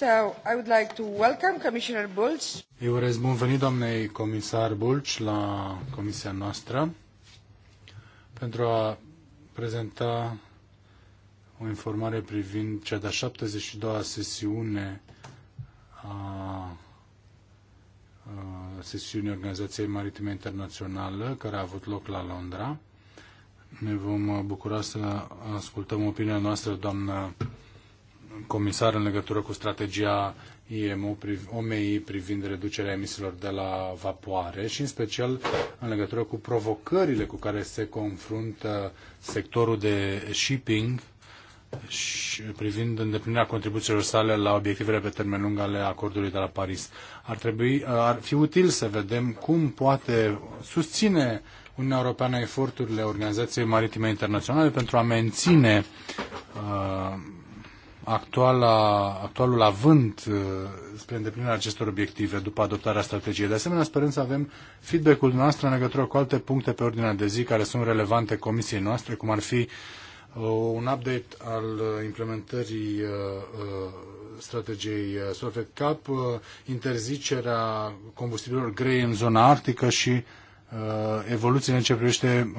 So, I would like to welcome Commissioner Bulc. Eu urez bun venit doamnei comisar Bulc la comisia noastră pentru a prezenta o informare privind cea de-a 72-a sesiune a sesiunii Organizației Maritime Internaționale care a avut loc la Londra. Ne vom bucura să ascultăm opinia noastră, doamnă comisar în legătură cu strategia IMO, OMI privind reducerea emisiilor de la vapoare și în special în legătură cu provocările cu care se confruntă sectorul de shipping și privind îndeplinirea contribuțiilor sale la obiectivele pe termen lung ale acordului de la Paris. Ar, trebui, ar fi util să vedem cum poate susține Uniunea Europeană eforturile Organizației Maritime Internaționale pentru a menține uh, actuala, actualul avânt uh, spre îndeplinirea acestor obiective după adoptarea strategiei. De asemenea, sperăm să avem feedback-ul noastră în legătură cu alte puncte pe ordinea de zi care sunt relevante comisiei noastre, cum ar fi uh, un update al uh, implementării strategiei Sofet Cap, interzicerea combustibilor grei în zona arctică și evoluția în ce privește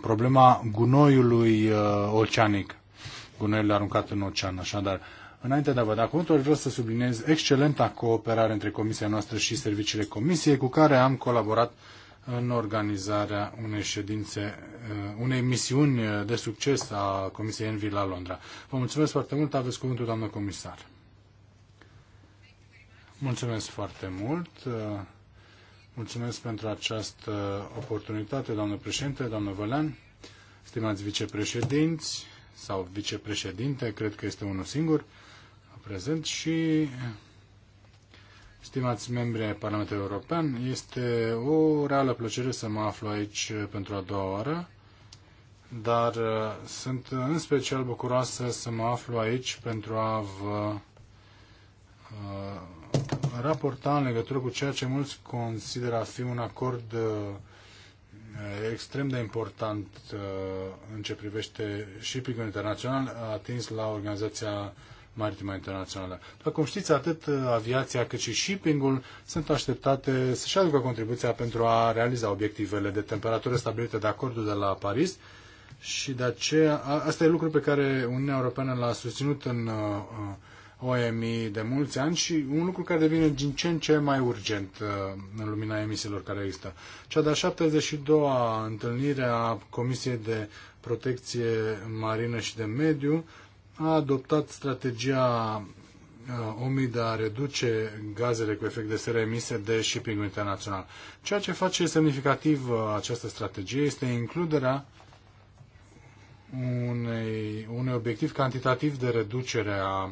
problema gunoiului oceanic gunoiurile aruncat în ocean. Așadar, înainte de a vă da cuvântul, vreau să subliniez excelenta cooperare între comisia noastră și serviciile comisiei cu care am colaborat în organizarea unei ședințe, uh, unei misiuni de succes a Comisiei Envi la Londra. Vă mulțumesc foarte mult, aveți cuvântul, doamnă comisar. Mulțumesc foarte mult. Uh, mulțumesc pentru această oportunitate, doamnă președinte, doamnă Vălean, stimați vicepreședinți, sau vicepreședinte, cred că este unul singur prezent și stimați membri ai Parlamentului European, este o reală plăcere să mă aflu aici pentru a doua oară, dar uh, sunt în special bucuroasă să mă aflu aici pentru a vă uh, raporta în legătură cu ceea ce mulți consideră a fi un acord uh, Eh, extrem de important eh, în ce privește shipping internațional atins la Organizația Maritimă Internațională. După cum știți, atât eh, aviația cât și shipping-ul sunt așteptate să-și aducă contribuția pentru a realiza obiectivele de temperatură stabilite de acordul de la Paris și de aceea, asta e lucru pe care Uniunea Europeană l-a susținut în uh, OMI de mulți ani și un lucru care devine din ce în ce mai urgent uh, în lumina emisiilor care există. Cea de-a 72-a întâlnire a Comisiei de Protecție Marină și de Mediu a adoptat strategia uh, OMI de a reduce gazele cu efect de seră emise de shipping internațional. Ceea ce face semnificativ uh, această strategie este includerea unei, unui obiectiv cantitativ de reducere a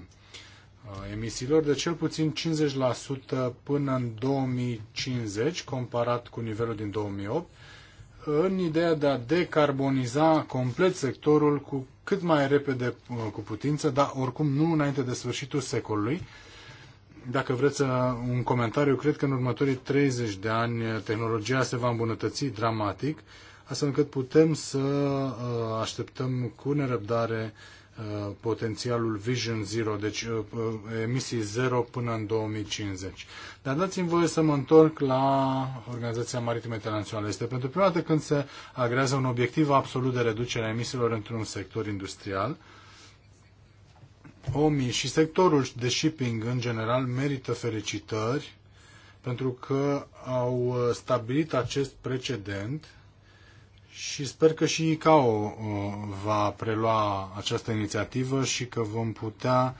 Uh, emisiilor de cel puțin 50% până în 2050, comparat cu nivelul din 2008, în ideea de a decarboniza complet sectorul cu cât mai repede uh, cu putință, dar oricum nu înainte de sfârșitul secolului. Dacă vreți un comentariu, cred că în următorii 30 de ani tehnologia se va îmbunătăți dramatic, astfel încât putem să uh, așteptăm cu nerăbdare Uh, potențialul Vision Zero, deci uh, uh, emisii zero până în 2050. Dar dați-mi voie să mă întorc la Organizația Maritimă Internațională. Este pentru prima dată când se agrează un obiectiv absolut de reducere a emisiilor într-un sector industrial. OMI și sectorul de shipping în general merită felicitări pentru că au stabilit acest precedent și sper că și ICAO uh, va prelua această inițiativă și că vom putea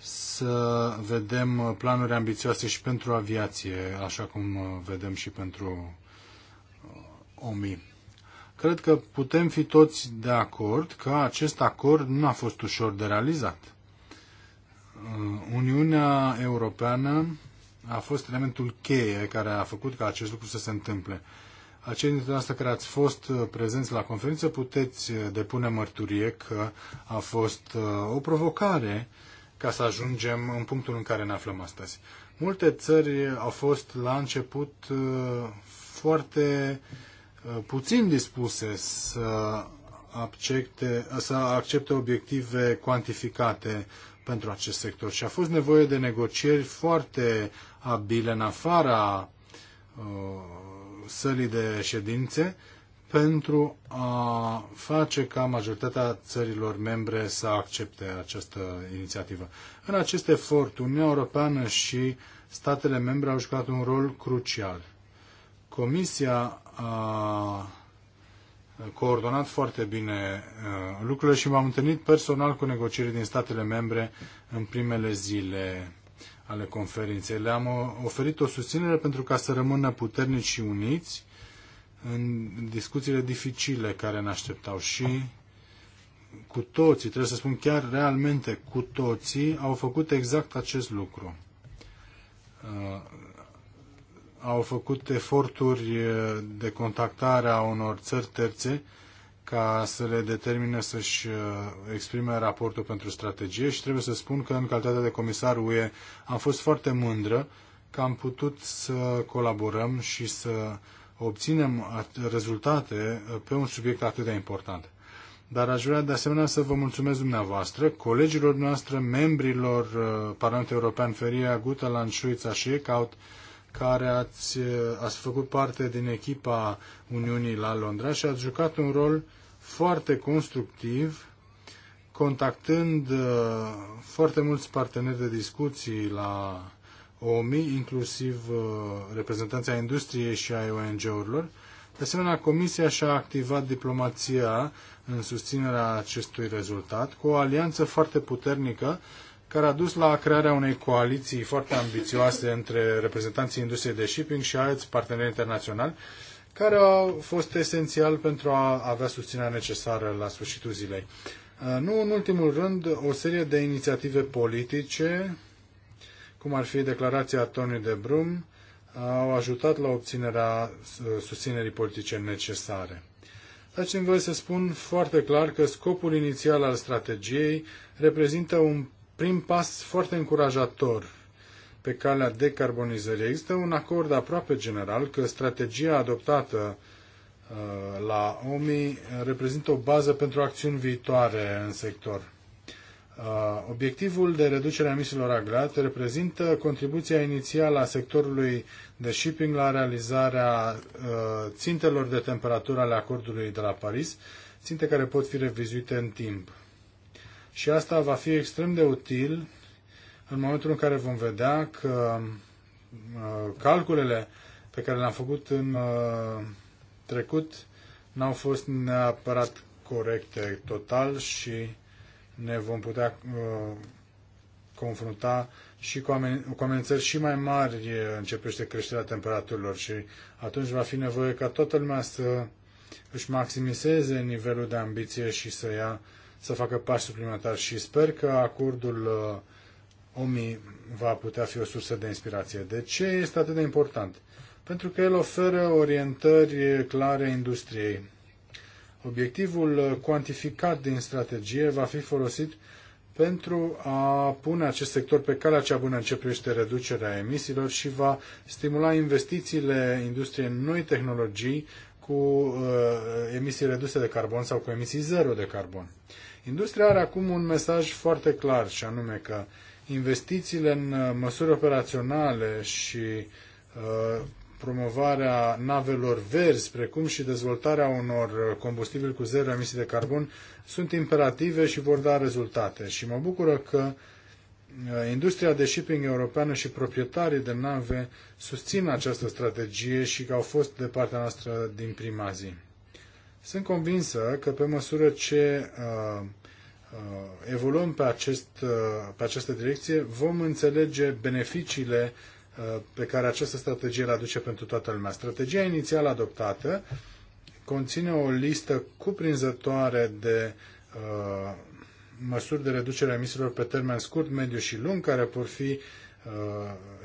să vedem planuri ambițioase și pentru aviație, așa cum uh, vedem și pentru uh, OMI. Cred că putem fi toți de acord că acest acord nu a fost ușor de realizat. Uniunea Europeană a fost elementul cheie care a făcut ca acest lucru să se întâmple acei dintre noastre care ați fost uh, prezenți la conferință puteți uh, depune mărturie că a fost uh, o provocare ca să ajungem în punctul în care ne aflăm astăzi. Multe țări au fost la început foarte puțin dispuse să accepte, să accepte obiective cuantificate pentru acest sector și a fost nevoie de negocieri foarte abile în afara sălii de ședințe pentru a face ca majoritatea țărilor membre să accepte această inițiativă. În acest efort, Uniunea Europeană și statele membre au jucat un rol crucial. Comisia a coordonat foarte bine uh, lucrurile și m-am întâlnit personal cu negocierii din statele membre în primele zile ale conferinței. Le-am oferit o susținere pentru ca să rămână puternici și uniți în discuțiile dificile care ne așteptau și cu toții, trebuie să spun chiar realmente cu toții, au făcut exact acest lucru. Uh, au făcut eforturi de contactare a unor țări terțe ca să le determine să-și uh, exprime raportul pentru strategie și trebuie să spun că în calitate de comisar UE am fost foarte mândră că am putut să colaborăm și să obținem rezultate uh, pe un subiect atât de important. Dar aș vrea de asemenea să vă mulțumesc dumneavoastră, colegilor noastre, membrilor uh, Parlamentului European Feria, Gutelan, Șuița și Ecaut, care ați, ați făcut parte din echipa Uniunii la Londra și ați jucat un rol foarte constructiv, contactând uh, foarte mulți parteneri de discuții la OMI, inclusiv uh, reprezentanța industriei și a ONG-urilor. De asemenea, Comisia și-a activat diplomația în susținerea acestui rezultat cu o alianță foarte puternică care a dus la crearea unei coaliții foarte ambițioase între reprezentanții industriei de shipping și alți parteneri internaționali, care au fost esențial pentru a avea susținerea necesară la sfârșitul zilei. Uh, nu în ultimul rând, o serie de inițiative politice, cum ar fi declarația Tony de Brum, uh, au ajutat la obținerea uh, susținerii politice necesare. Aici îmi voi să spun foarte clar că scopul inițial al strategiei reprezintă un prim pas foarte încurajator pe calea decarbonizării. Există un acord aproape general că strategia adoptată uh, la OMI reprezintă o bază pentru acțiuni viitoare în sector. Uh, obiectivul de reducere a emisiilor agrate reprezintă contribuția inițială a sectorului de shipping la realizarea uh, țintelor de temperatură ale acordului de la Paris, ținte care pot fi revizuite în timp. Și asta va fi extrem de util în momentul în care vom vedea că uh, calculele pe care le-am făcut în uh, trecut n-au fost neapărat corecte total și ne vom putea uh, confrunta și cu, amenințări și mai mari începește creșterea temperaturilor și atunci va fi nevoie ca toată lumea să își maximizeze nivelul de ambiție și să ia să facă pași suplimentari și sper că acordul uh, OMI va putea fi o sursă de inspirație. De ce este atât de important? Pentru că el oferă orientări clare industriei. Obiectivul uh, cuantificat din strategie va fi folosit pentru a pune acest sector pe calea cea bună în ce privește reducerea emisiilor și va stimula investițiile industriei în noi tehnologii cu uh, emisii reduse de carbon sau cu emisii zero de carbon. Industria are acum un mesaj foarte clar și anume că investițiile în uh, măsuri operaționale și uh, promovarea navelor verzi, precum și dezvoltarea unor uh, combustibili cu zero emisii de carbon, sunt imperative și vor da rezultate. Și mă bucură că uh, industria de shipping europeană și proprietarii de nave susțin această strategie și că au fost de partea noastră din prima zi. Sunt convinsă că pe măsură ce uh, uh evoluăm pe, acest, uh, pe această direcție, vom înțelege beneficiile uh, pe care această strategie le aduce pentru toată lumea. Strategia inițial adoptată conține o listă cuprinzătoare de uh, măsuri de reducere a emisiilor pe termen scurt, mediu și lung, care vor fi uh,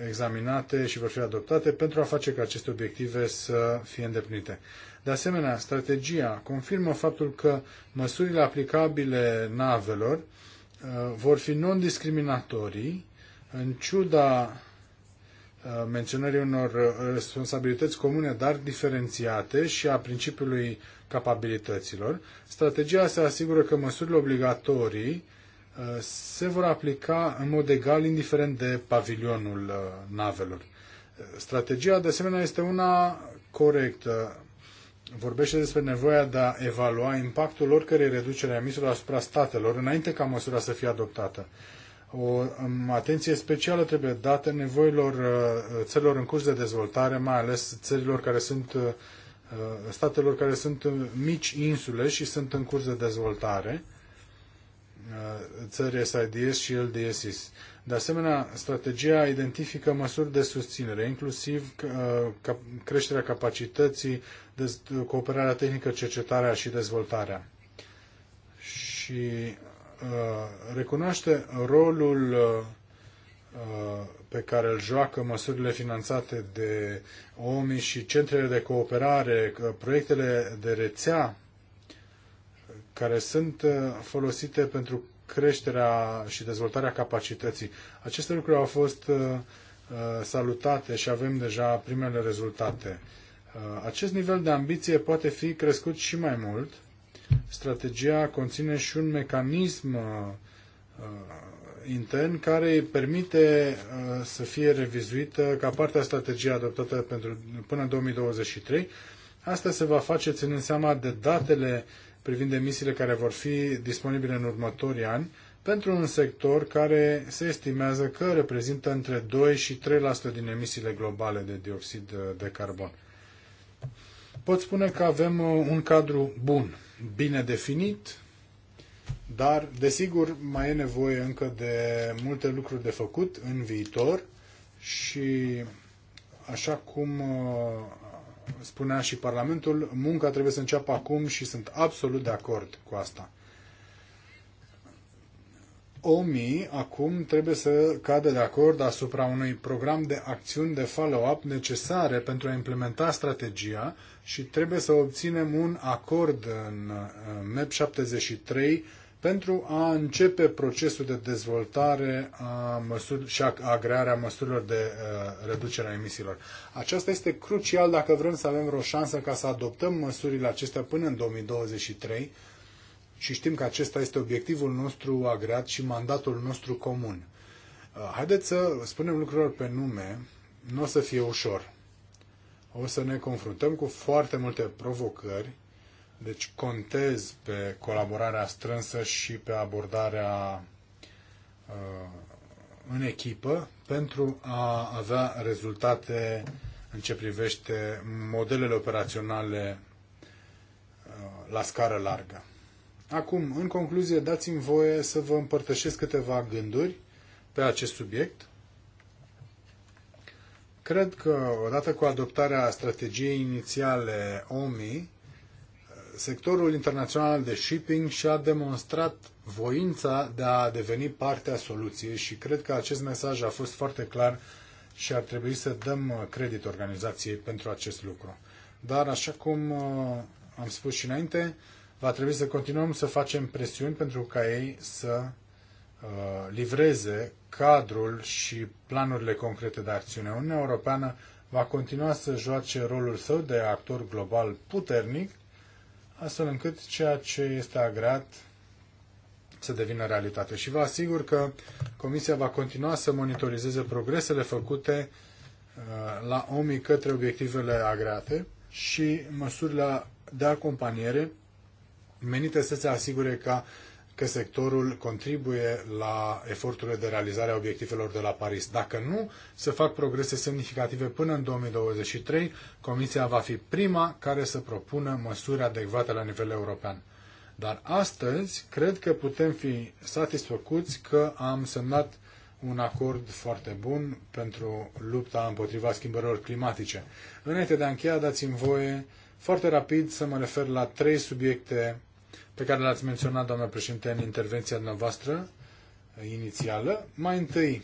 examinate și vor fi adoptate pentru a face ca aceste obiective să fie îndeplinite. De asemenea, strategia confirmă faptul că măsurile aplicabile navelor uh, vor fi non-discriminatorii în ciuda uh, menționării unor uh, responsabilități comune, dar diferențiate și a principiului capabilităților. Strategia se asigură că măsurile obligatorii se vor aplica în mod egal, indiferent de pavilionul navelor. Strategia, de asemenea, este una corectă vorbește despre nevoia de a evalua impactul oricărei reduceri a emisiilor asupra statelor înainte ca măsura să fie adoptată. O um, atenție specială trebuie dată nevoilor uh, țărilor în curs de dezvoltare, mai ales țărilor care sunt uh, uh, statelor care sunt mici insule și sunt în curs de dezvoltare, țări SIDS și LDSIS. De asemenea, strategia identifică măsuri de susținere, inclusiv uh, creșterea capacității, cooperarea tehnică, cercetarea și dezvoltarea. Și uh, recunoaște rolul uh, pe care îl joacă măsurile finanțate de OMI și centrele de cooperare, proiectele de rețea care sunt folosite pentru creșterea și dezvoltarea capacității. Aceste lucruri au fost uh, uh, salutate și avem deja primele rezultate. Uh, acest nivel de ambiție poate fi crescut și mai mult. Strategia conține și un mecanism intern care îi permite să fie revizuită ca parte a strategiei adoptată pentru, până în 2023. Asta se va face ținând seama de datele uh, privind emisiile care vor fi disponibile în următorii ani pentru un sector care se estimează că reprezintă între 2 și 3% din emisiile globale de dioxid de carbon. Pot spune că avem uh, un cadru bun, bine definit, dar, desigur, mai e nevoie încă de multe lucruri de făcut în viitor și, așa cum uh, spunea și Parlamentul, munca trebuie să înceapă acum și sunt absolut de acord cu asta. OMI acum trebuie să cadă de acord asupra unui program de acțiuni de follow-up necesare pentru a implementa strategia și trebuie să obținem un acord în uh, MEP 73 pentru a începe procesul de dezvoltare a măsuri, și a agrearea măsurilor de uh, reducere a emisiilor. Aceasta este crucial dacă vrem să avem o șansă ca să adoptăm măsurile acestea până în 2023 și știm că acesta este obiectivul nostru agreat și mandatul nostru comun. Uh, haideți să spunem lucrurilor pe nume, nu o să fie ușor. O să ne confruntăm cu foarte multe provocări deci contez pe colaborarea strânsă și pe abordarea uh, în echipă pentru a avea rezultate în ce privește modelele operaționale uh, la scară largă. Acum, în concluzie, dați-mi voie să vă împărtășesc câteva gânduri pe acest subiect. Cred că, odată cu adoptarea strategiei inițiale OMI, sectorul internațional de shipping și-a demonstrat voința de a deveni parte a soluției și cred că acest mesaj a fost foarte clar și ar trebui să dăm uh, credit organizației pentru acest lucru. Dar, așa cum uh, am spus și înainte, va trebui să continuăm să facem presiuni pentru ca ei să uh, livreze cadrul și planurile concrete de acțiune. Uniunea Europeană va continua să joace rolul său de actor global puternic astfel încât ceea ce este agreat să devină realitate. Și vă asigur că Comisia va continua să monitorizeze progresele făcute uh, la OMI către obiectivele agreate și măsurile de acompaniere menite să se asigure ca că sectorul contribuie la eforturile de realizare a obiectivelor de la Paris. Dacă nu, se fac progrese semnificative până în 2023. Comisia va fi prima care să propună măsuri adecvate la nivel european. Dar astăzi, cred că putem fi satisfăcuți că am semnat un acord foarte bun pentru lupta împotriva schimbărilor climatice. Înainte de a încheia, dați-mi voie foarte rapid să mă refer la trei subiecte pe care le-ați menționat, doamna președinte, în intervenția noastră inițială. Mai întâi,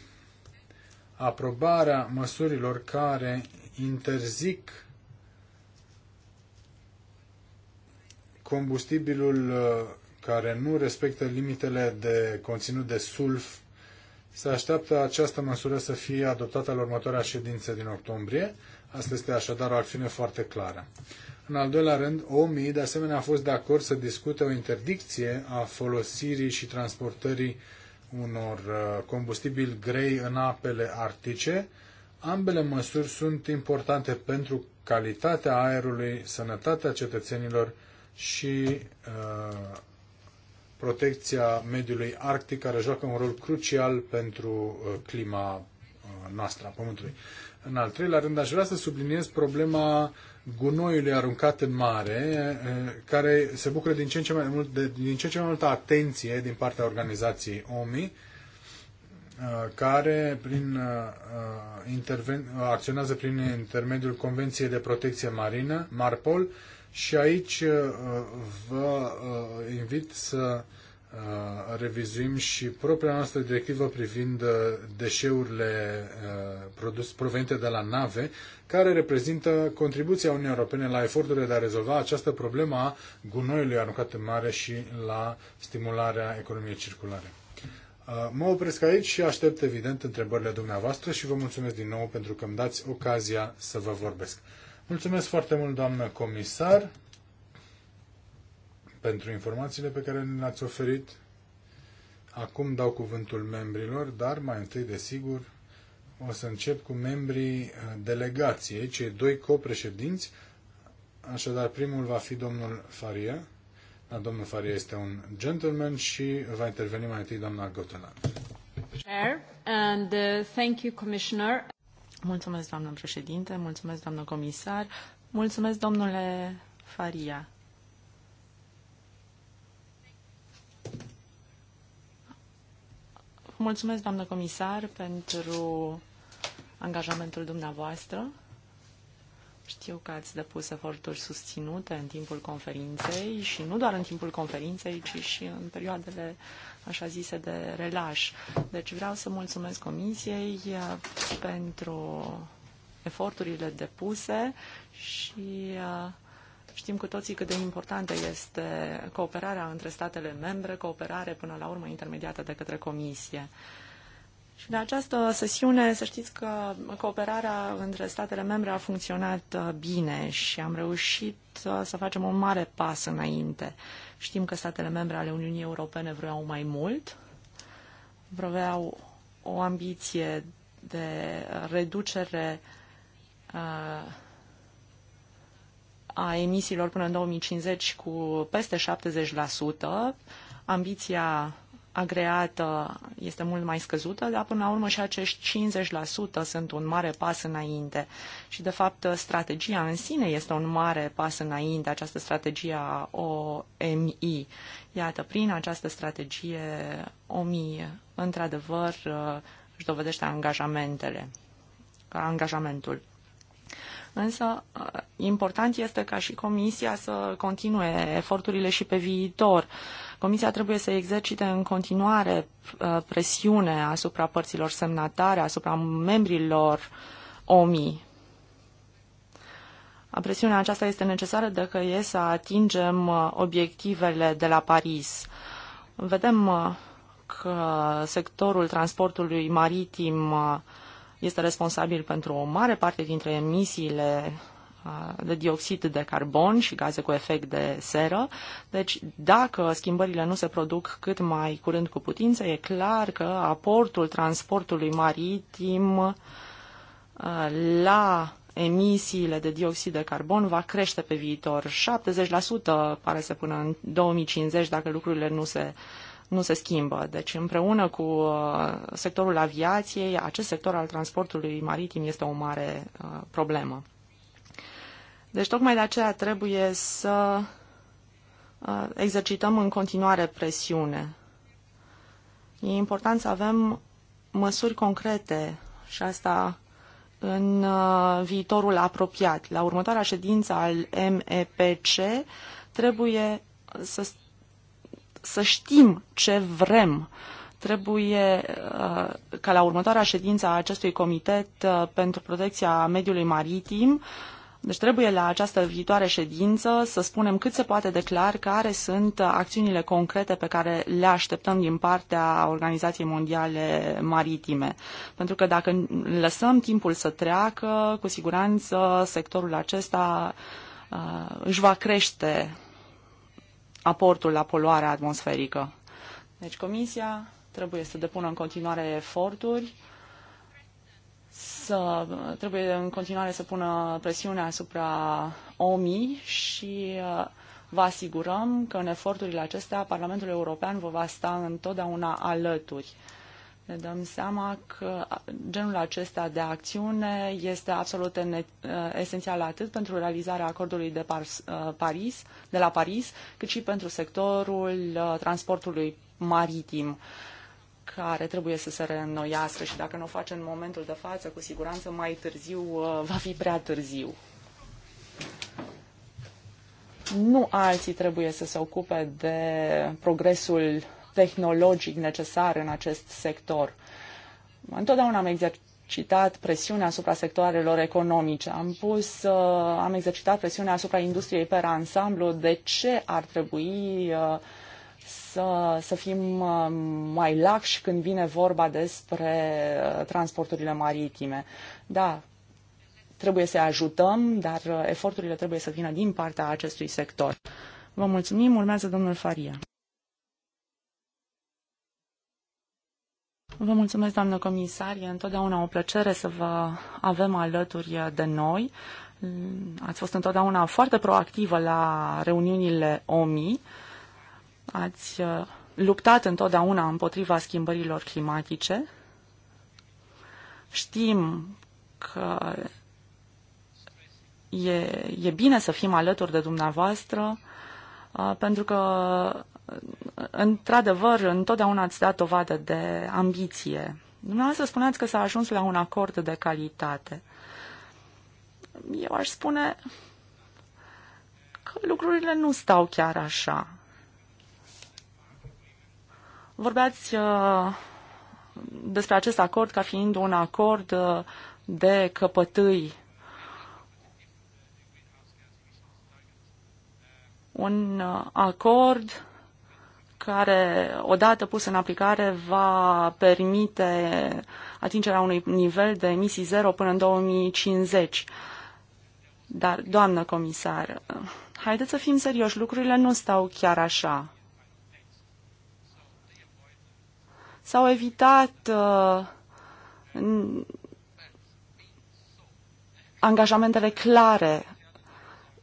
aprobarea măsurilor care interzic combustibilul uh, care nu respectă limitele de conținut de sulf se așteaptă această măsură să fie adoptată la următoarea ședință din octombrie. Asta este așadar o acțiune foarte clară. În al doilea rând, OMI de asemenea a fost de acord să discute o interdicție a folosirii și transportării unor uh, combustibili grei în apele arctice. Ambele măsuri sunt importante pentru calitatea aerului, sănătatea cetățenilor și uh, protecția mediului arctic, care joacă un rol crucial pentru uh, clima uh, noastră, a Pământului. În al treilea rând, aș vrea să subliniez problema gunoiului aruncat în mare, care se bucură din ce în ce mai, mult, de, din ce în ce mai multă atenție din partea organizației OMI, care prin, interven, acționează prin intermediul Convenției de Protecție Marină, MARPOL, și aici vă invit să Uh, revizuim și propria noastră directivă privind uh, deșeurile uh, produs, provenite de la nave, care reprezintă contribuția Uniunii Europene la eforturile de a rezolva această problemă a gunoiului aruncat în mare și la stimularea economiei circulare. Mă opresc aici și aștept evident întrebările dumneavoastră și vă mulțumesc din nou pentru că îmi dați ocazia să vă vorbesc. Mulțumesc foarte mult, doamnă comisar pentru informațiile pe care ne le-ați oferit. Acum dau cuvântul membrilor, dar mai întâi, desigur, o să încep cu membrii uh, delegației, cei doi copreședinți. Așadar, primul va fi domnul Faria. Dar domnul Faria este un gentleman și va interveni mai întâi doamna Goteland. And, uh, thank you, Commissioner. Mulțumesc, doamnă președinte, mulțumesc, doamnă comisar, mulțumesc, domnule Faria. Mulțumesc, doamnă comisar, pentru angajamentul dumneavoastră. Știu că ați depus eforturi susținute în timpul conferinței și nu doar în timpul conferinței, ci și în perioadele așa zise de relaș. Deci vreau să mulțumesc Comisiei eh, pentru eforturile depuse și eh, Știm cu toții cât de importantă este cooperarea între statele membre, cooperare până la urmă intermediată de către Comisie. Și la această sesiune, să știți că cooperarea între statele membre a funcționat uh, bine și am reușit uh, să facem un mare pas înainte. Știm că statele membre ale Uniunii Europene vreau mai mult, vreau o ambiție de uh, reducere uh, a emisiilor până în 2050 cu peste 70%. Ambiția agreată este mult mai scăzută, dar până la urmă și acești 50% sunt un mare pas înainte. Și, de fapt, strategia în sine este un mare pas înainte, această strategie a OMI. Iată, prin această strategie OMI, într-adevăr, își dovedește angajamentele, angajamentul. Însă, important este ca și Comisia să continue eforturile și pe viitor. Comisia trebuie să exercite în continuare uh, presiune asupra părților semnatare, asupra membrilor OMI. Presiunea aceasta este necesară dacă e să atingem uh, obiectivele de la Paris. Vedem uh, că sectorul transportului maritim este responsabil pentru o mare parte dintre emisiile de dioxid de carbon și gaze cu efect de seră. Deci, dacă schimbările nu se produc cât mai curând cu putință, e clar că aportul transportului maritim la emisiile de dioxid de carbon va crește pe viitor. 70% pare să până în 2050 dacă lucrurile nu se uh, nu se schimbă. Deci împreună cu uh, sectorul aviației, acest sector al transportului maritim este o mare uh, problemă. Deci tocmai de aceea trebuie să uh, exercităm în continuare presiune. E important să avem măsuri concrete și asta în viitorul apropiat. La următoarea ședință al MEPC trebuie să să știm ce vrem. Trebuie uh, ca la următoarea ședință a acestui comitet uh, pentru protecția mediului maritim deci trebuie la această viitoare ședință să spunem cât se poate de clar care sunt acțiunile concrete pe care le așteptăm din partea Organizației Mondiale Maritime. Pentru că dacă lăsăm timpul să treacă, cu siguranță sectorul acesta uh, își va crește aportul la poluarea atmosferică. Deci Comisia trebuie să depună în continuare eforturi, să, trebuie în continuare să pună presiune asupra OMI și uh, vă asigurăm că în eforturile acestea Parlamentul European vă va sta întotdeauna alături ne dăm seama că genul acesta de acțiune este absolut uh, esențial atât pentru realizarea acordului de uh, Paris, de la Paris, cât și pentru sectorul uh, transportului maritim care trebuie să se reînnoiască și dacă nu o face în momentul de față, cu siguranță mai târziu va fi prea târziu. Nu alții trebuie să se ocupe de progresul tehnologic necesar în acest sector. Întotdeauna am exercitat presiunea asupra sectoarelor economice, am pus, uh, am exercitat presiunea asupra industriei per ansamblu de ce ar trebui uh, să, să fim uh, mai laxi când vine vorba despre transporturile maritime. Da, trebuie să ajutăm, dar eforturile trebuie să vină din partea acestui sector. Vă mulțumim, urmează domnul Faria. Vă mulțumesc, doamnă comisar. E întotdeauna o plăcere să vă avem alături de noi. Ați fost întotdeauna foarte proactivă la reuniunile OMI. Ați uh, luptat întotdeauna împotriva schimbărilor climatice. Știm că e, e bine să fim alături de dumneavoastră uh, pentru că într-adevăr, întotdeauna ați dat vadă de ambiție. Dumneavoastră spuneați că s-a ajuns la un acord de calitate. Eu aș spune că lucrurile nu stau chiar așa. Vorbeați uh, despre acest acord ca fiind un acord uh, de căpătâi un uh, acord care, odată pus în aplicare, va permite atingerea unui nivel de emisii zero până în 2050. Dar, doamnă comisar, haideți să fim serioși, lucrurile nu stau chiar așa. S-au evitat uh, angajamentele clare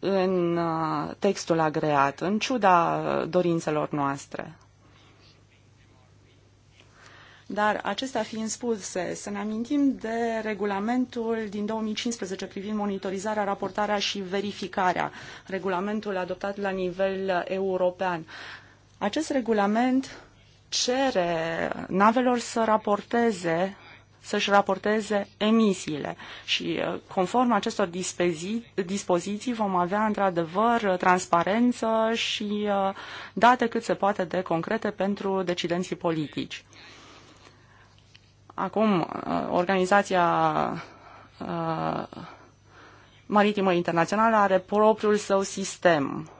în uh, textul agreat, în ciuda dorințelor noastre. Dar acestea fiind spuse, să ne amintim de regulamentul din 2015 privind monitorizarea, raportarea și verificarea, regulamentul adoptat la nivel european. Acest regulament cere navelor să raporteze să-și raporteze emisiile și uh, conform acestor dispoziții vom avea într-adevăr transparență și uh, date cât se poate de concrete pentru decidenții politici. Acum, uh, organizația maritimă internațională are propriul său sistem.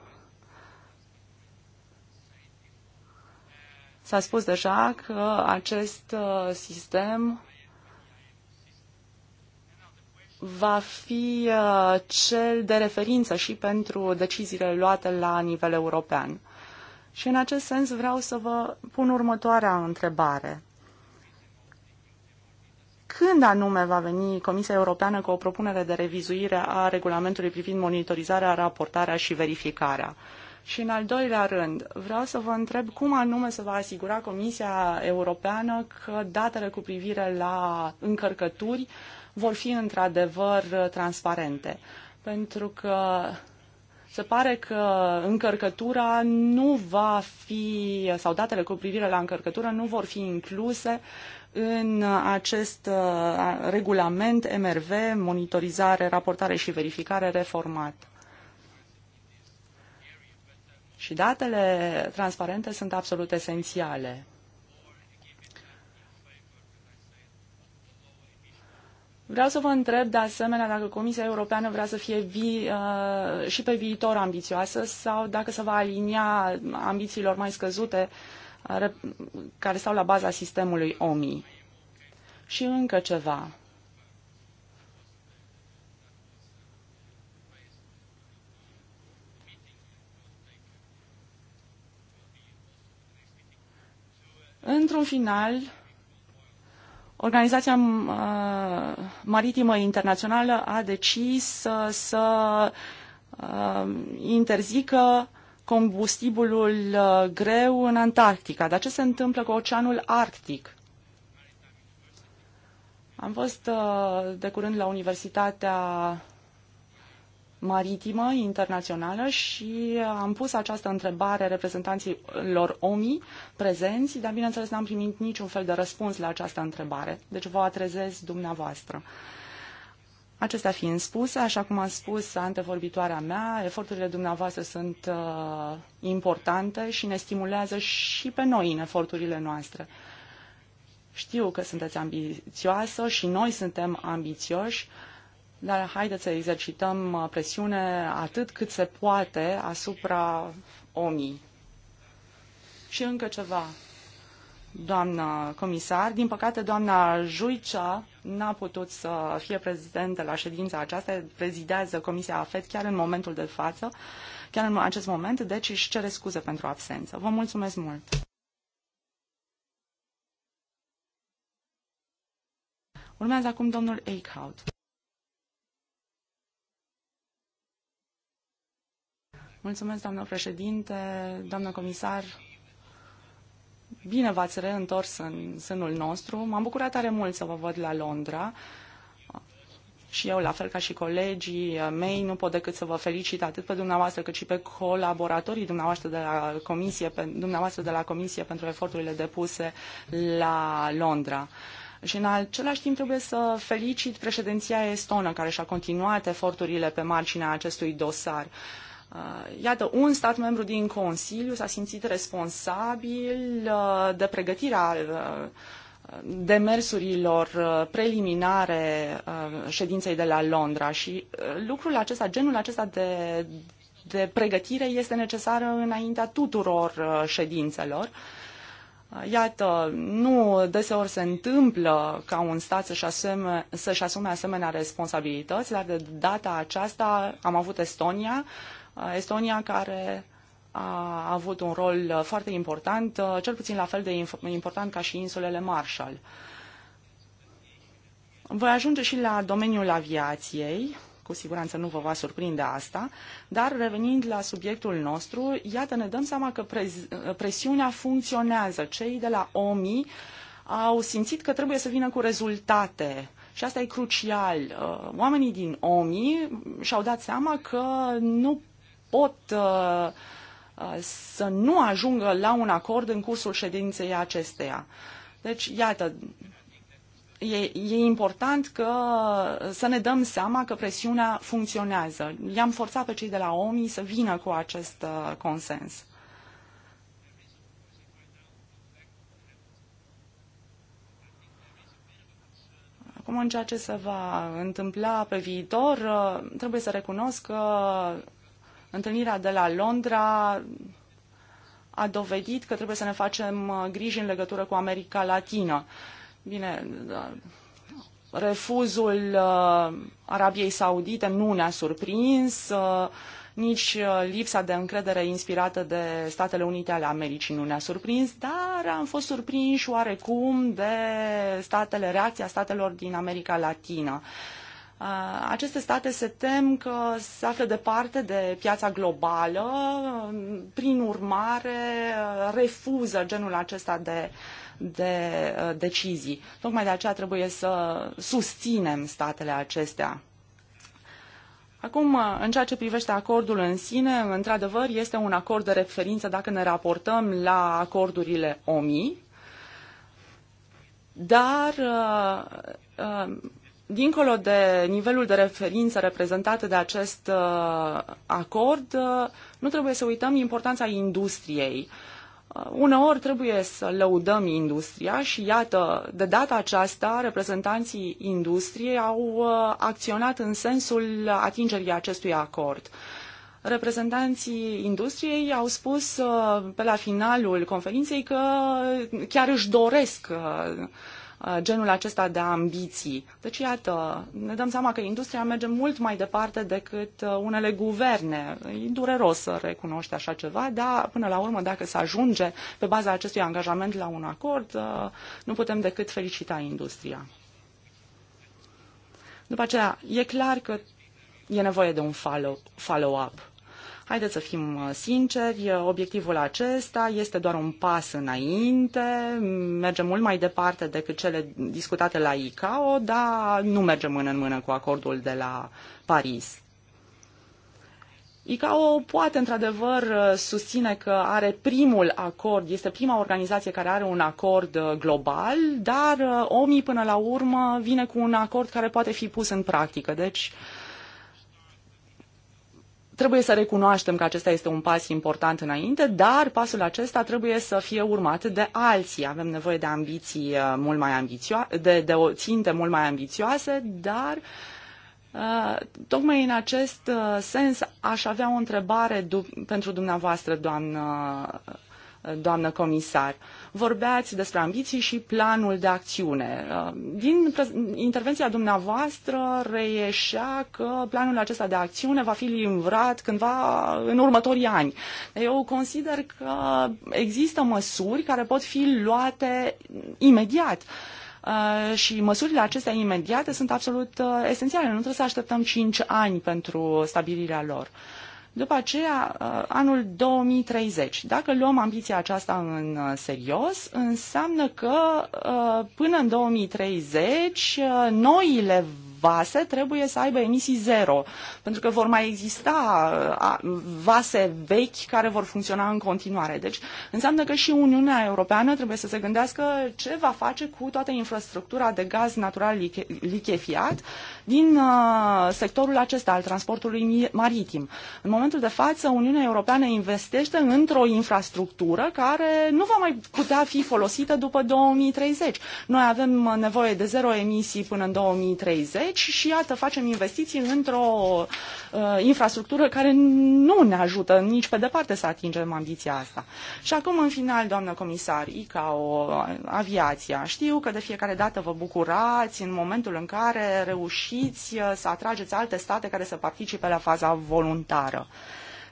S-a spus deja că acest sistem va fi uh, cel de referință și pentru deciziile luate la nivel european. Și în acest sens vreau să vă pun următoarea întrebare. Când anume va veni Comisia Europeană cu o propunere de revizuire a regulamentului privind monitorizarea, raportarea și verificarea? Și în al doilea rând, vreau să vă întreb cum anume se va asigura Comisia Europeană că datele cu privire la încărcături uh, vor fi într-adevăr uh, transparente. Pentru că se pare că încărcătura nu va fi, sau datele cu privire la încărcătură nu vor fi incluse în acest uh, regulament MRV, monitorizare, raportare și verificare reformat. Și datele transparente sunt absolut esențiale. Vreau să vă întreb de asemenea dacă Comisia Europeană vrea să fie vi, uh, și pe viitor ambițioasă sau dacă se va alinia ambițiilor mai scăzute uh, care stau la baza sistemului OMI. Și încă ceva. Într-un final, Organizația uh, Maritimă Internațională a decis să, uh, interzică combustibilul uh, greu în Antarctica. Dar ce se întâmplă cu Oceanul Arctic? Am fost uh, de curând la Universitatea maritimă internațională și am pus această întrebare reprezentanților OMI prezenți, dar bineînțeles n-am primit niciun fel de răspuns la această întrebare. Deci vă atrezez dumneavoastră. Acestea fiind spuse, așa cum a spus antevorbitoarea mea, eforturile dumneavoastră sunt uh, importante și ne stimulează și pe noi în eforturile noastre. Știu că sunteți ambițioasă și noi suntem ambițioși, uh, dar haideți să exercităm uh, presiune atât cât se poate asupra omii. Și încă ceva, doamna comisar. Din păcate, doamna Juicea n-a putut să fie prezidentă la ședința aceasta, prezidează Comisia AFET chiar în momentul de față, chiar în acest moment, deci își cere scuze pentru absență. Vă mulțumesc mult! Urmează acum domnul Eichhout. Mulțumesc, doamnă președinte, doamnă comisar. Bine v-ați reîntors în sânul nostru. M-am bucurat tare mult să vă văd la Londra. Și eu, la fel ca și colegii mei, nu pot decât să vă felicit atât pe dumneavoastră cât și pe colaboratorii dumneavoastră de la Comisie, pe, dumneavoastră de la comisie pentru eforturile depuse la Londra. Și în același timp trebuie să felicit președinția estonă care și-a continuat eforturile pe marginea acestui dosar. Uh, Uh, iată, un stat membru din Consiliu s-a simțit responsabil uh, de pregătirea uh, demersurilor preliminare ședinței de la Londra și lucrul acesta, genul acesta de, de pregătire este necesară înaintea tuturor ședințelor. Iată, nu deseori se întâmplă ca un stat să-și asume, să-și asume asemenea responsabilități, dar de data aceasta am avut Estonia, uh, Estonia, care a avut un rol uh, foarte important, uh, cel puțin la fel de important ca și insulele Marshall. Voi ajunge și la domeniul aviației, cu siguranță nu vă va surprinde asta, dar revenind la subiectul nostru, iată ne dăm seama că uh, presiunea funcționează. Cei de la OMI au simțit că trebuie să vină cu rezultate și asta e crucial. Oamenii din OMI și-au dat seama că nu pot uh, uh, să nu ajungă la un acord în cursul ședinței acesteia. Deci, iată, e, e important că să ne dăm seama că presiunea funcționează. I-am forțat pe cei de la OMI să vină cu acest uh, consens. Acum, în ceea ce se va întâmpla pe viitor, trebuie să recunosc că Întâlnirea de la Londra a dovedit că trebuie să ne facem uh, griji în legătură cu America Latină. Bine, uh, refuzul uh, Arabiei Saudite nu ne-a surprins, nici lipsa de încredere inspirată de Statele Unite ale Americii nu ne-a surprins, dar am fost surprinși oarecum de statele, reacția statelor din America Latină. Uh, Uh, aceste state se tem că se află departe de piața globală, um, prin urmare uh, refuză genul acesta de, de uh, decizii. Tocmai de aceea trebuie să susținem statele acestea. Acum, în ceea ce privește acordul în sine, într-adevăr, este un acord de referință dacă ne raportăm la acordurile OMI, dar dincolo de nivelul de referință reprezentat de acest uh, acord, uh, nu trebuie să uităm importanța industriei. Uh, uneori trebuie să lăudăm industria și iată, de data aceasta, reprezentanții industriei au acționat în sensul atingerii acestui acord. Reprezentanții industriei au spus pe la finalul conferinței că chiar își doresc Uh, genul acesta de ambiții. Deci, iată, ne dăm seama că industria merge mult mai departe decât uh, unele guverne. E dureros să recunoști așa ceva, dar până la urmă, dacă se ajunge pe baza acestui angajament la un acord, uh, nu putem decât felicita industria. După aceea, e clar că e nevoie de un follow-up. Haideți să fim uh, sinceri, uh, obiectivul acesta este doar un pas înainte, mergem mult mai departe decât cele discutate la ICAO, dar nu mergem mână în mână cu acordul de la Paris. ICAO poate într-adevăr uh, susține că are primul acord, este prima organizație care are un acord global, dar OMI până la urmă vine cu un acord care poate fi pus în practică. Deci uh, Trebuie să recunoaștem că acesta este un pas important înainte, dar pasul acesta trebuie să fie urmat de alții. Avem nevoie de ambiții uh, mult mai ambițioase, de, de o ținte mult mai ambițioase, dar uh, tocmai în acest uh, sens aș avea o întrebare du- pentru dumneavoastră, doamnă doamnă comisar. Vorbeați despre ambiții și planul de acțiune. Uh, din intervenția dumneavoastră reieșea că planul acesta de acțiune va fi livrat cândva în următorii ani. Eu consider că există măsuri care pot fi luate imediat uh, și măsurile acestea imediate sunt absolut uh, esențiale. Nu trebuie să așteptăm 5 ani pentru stabilirea lor. După aceea, uh, anul 2030. Dacă luăm ambiția aceasta în uh, serios, înseamnă că uh, până în 2030 noile vase trebuie să aibă emisii zero, pentru că vor mai exista vase vechi care vor funcționa în continuare. Deci înseamnă că și Uniunea Europeană trebuie să se gândească ce va face cu toată infrastructura de gaz natural lichefiat din uh, sectorul acesta al transportului maritim. În momentul de față, Uniunea Europeană investește într-o infrastructură care nu va mai putea fi folosită după 2030. Noi avem nevoie de zero emisii până în 2030 și iată, facem investiții într-o uh, infrastructură care nu ne ajută nici pe departe să atingem ambiția asta. Și acum, în final, doamnă comisar, ICAO, aviația. Știu că de fiecare dată vă bucurați în momentul în care reușiți reușiți uh, să atrageți alte state care să participe la faza voluntară.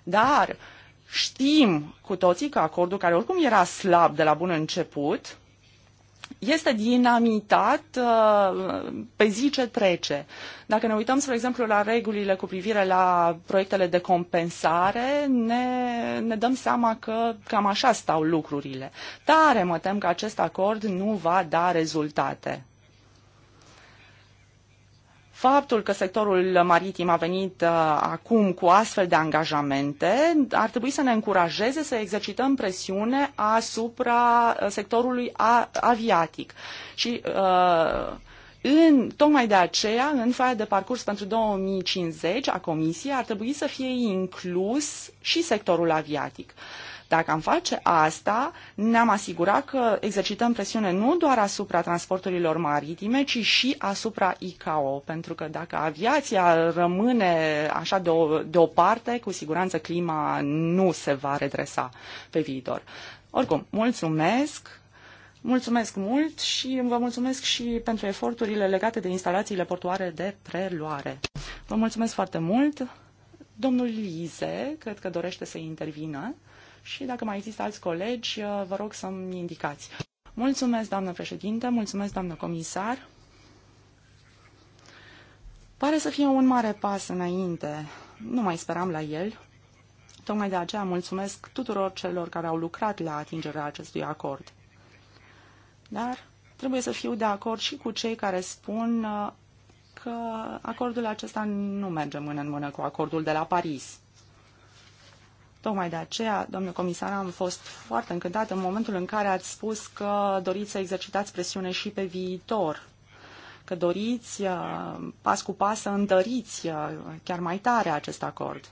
Dar știm cu toții că acordul, care oricum era slab de la bun început, este dinamitat uh, pe zi ce trece. Dacă ne uităm, spre exemplu, la regulile cu privire la proiectele de compensare, ne, ne dăm seama că cam așa stau lucrurile. Tare mă tem că acest acord nu va da rezultate. Faptul că sectorul maritim a venit uh, acum cu astfel de angajamente ar trebui să ne încurajeze să exercităm presiune asupra uh, sectorului aviatic. Și uh, în, tocmai de aceea, în faia de parcurs pentru 2050 a Comisiei ar trebui să fie inclus și sectorul aviatic. Uh, dacă am face asta, ne-am asigurat că exercităm presiune nu doar asupra transporturilor maritime, ci și asupra ICAO, pentru că dacă aviația rămâne așa de o, de o parte, cu siguranță clima nu se va redresa pe viitor. Oricum, mulțumesc! Mulțumesc mult și vă mulțumesc și pentru eforturile legate de instalațiile portoare de preluare. Vă mulțumesc foarte mult. Domnul Lize, cred că dorește să intervină și dacă mai există alți colegi, uh, vă rog să-mi indicați. Mulțumesc, doamnă președinte, mulțumesc, doamnă comisar. Pare să fie un mare pas înainte. Nu mai speram la el. Tocmai de aceea mulțumesc tuturor celor care au lucrat la atingerea acestui acord. Dar trebuie să fiu de acord și cu cei care spun uh, că acordul acesta nu merge mână în mână cu acordul de la Paris. Tocmai de aceea, domnule comisar, am fost foarte încântată în momentul în care ați spus că doriți să exercitați presiune și pe viitor, că doriți uh, pas cu pas să întăriți uh, chiar mai tare acest acord.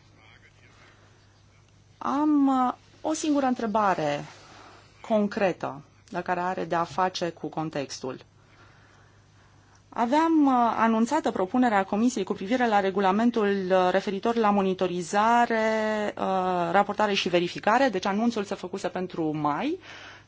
Am uh, o singură întrebare concretă, la care are de a face cu contextul. Aveam uh, anunțată propunerea Comisiei cu privire la regulamentul uh, referitor la monitorizare, uh, raportare și verificare, deci anunțul se făcuse pentru mai,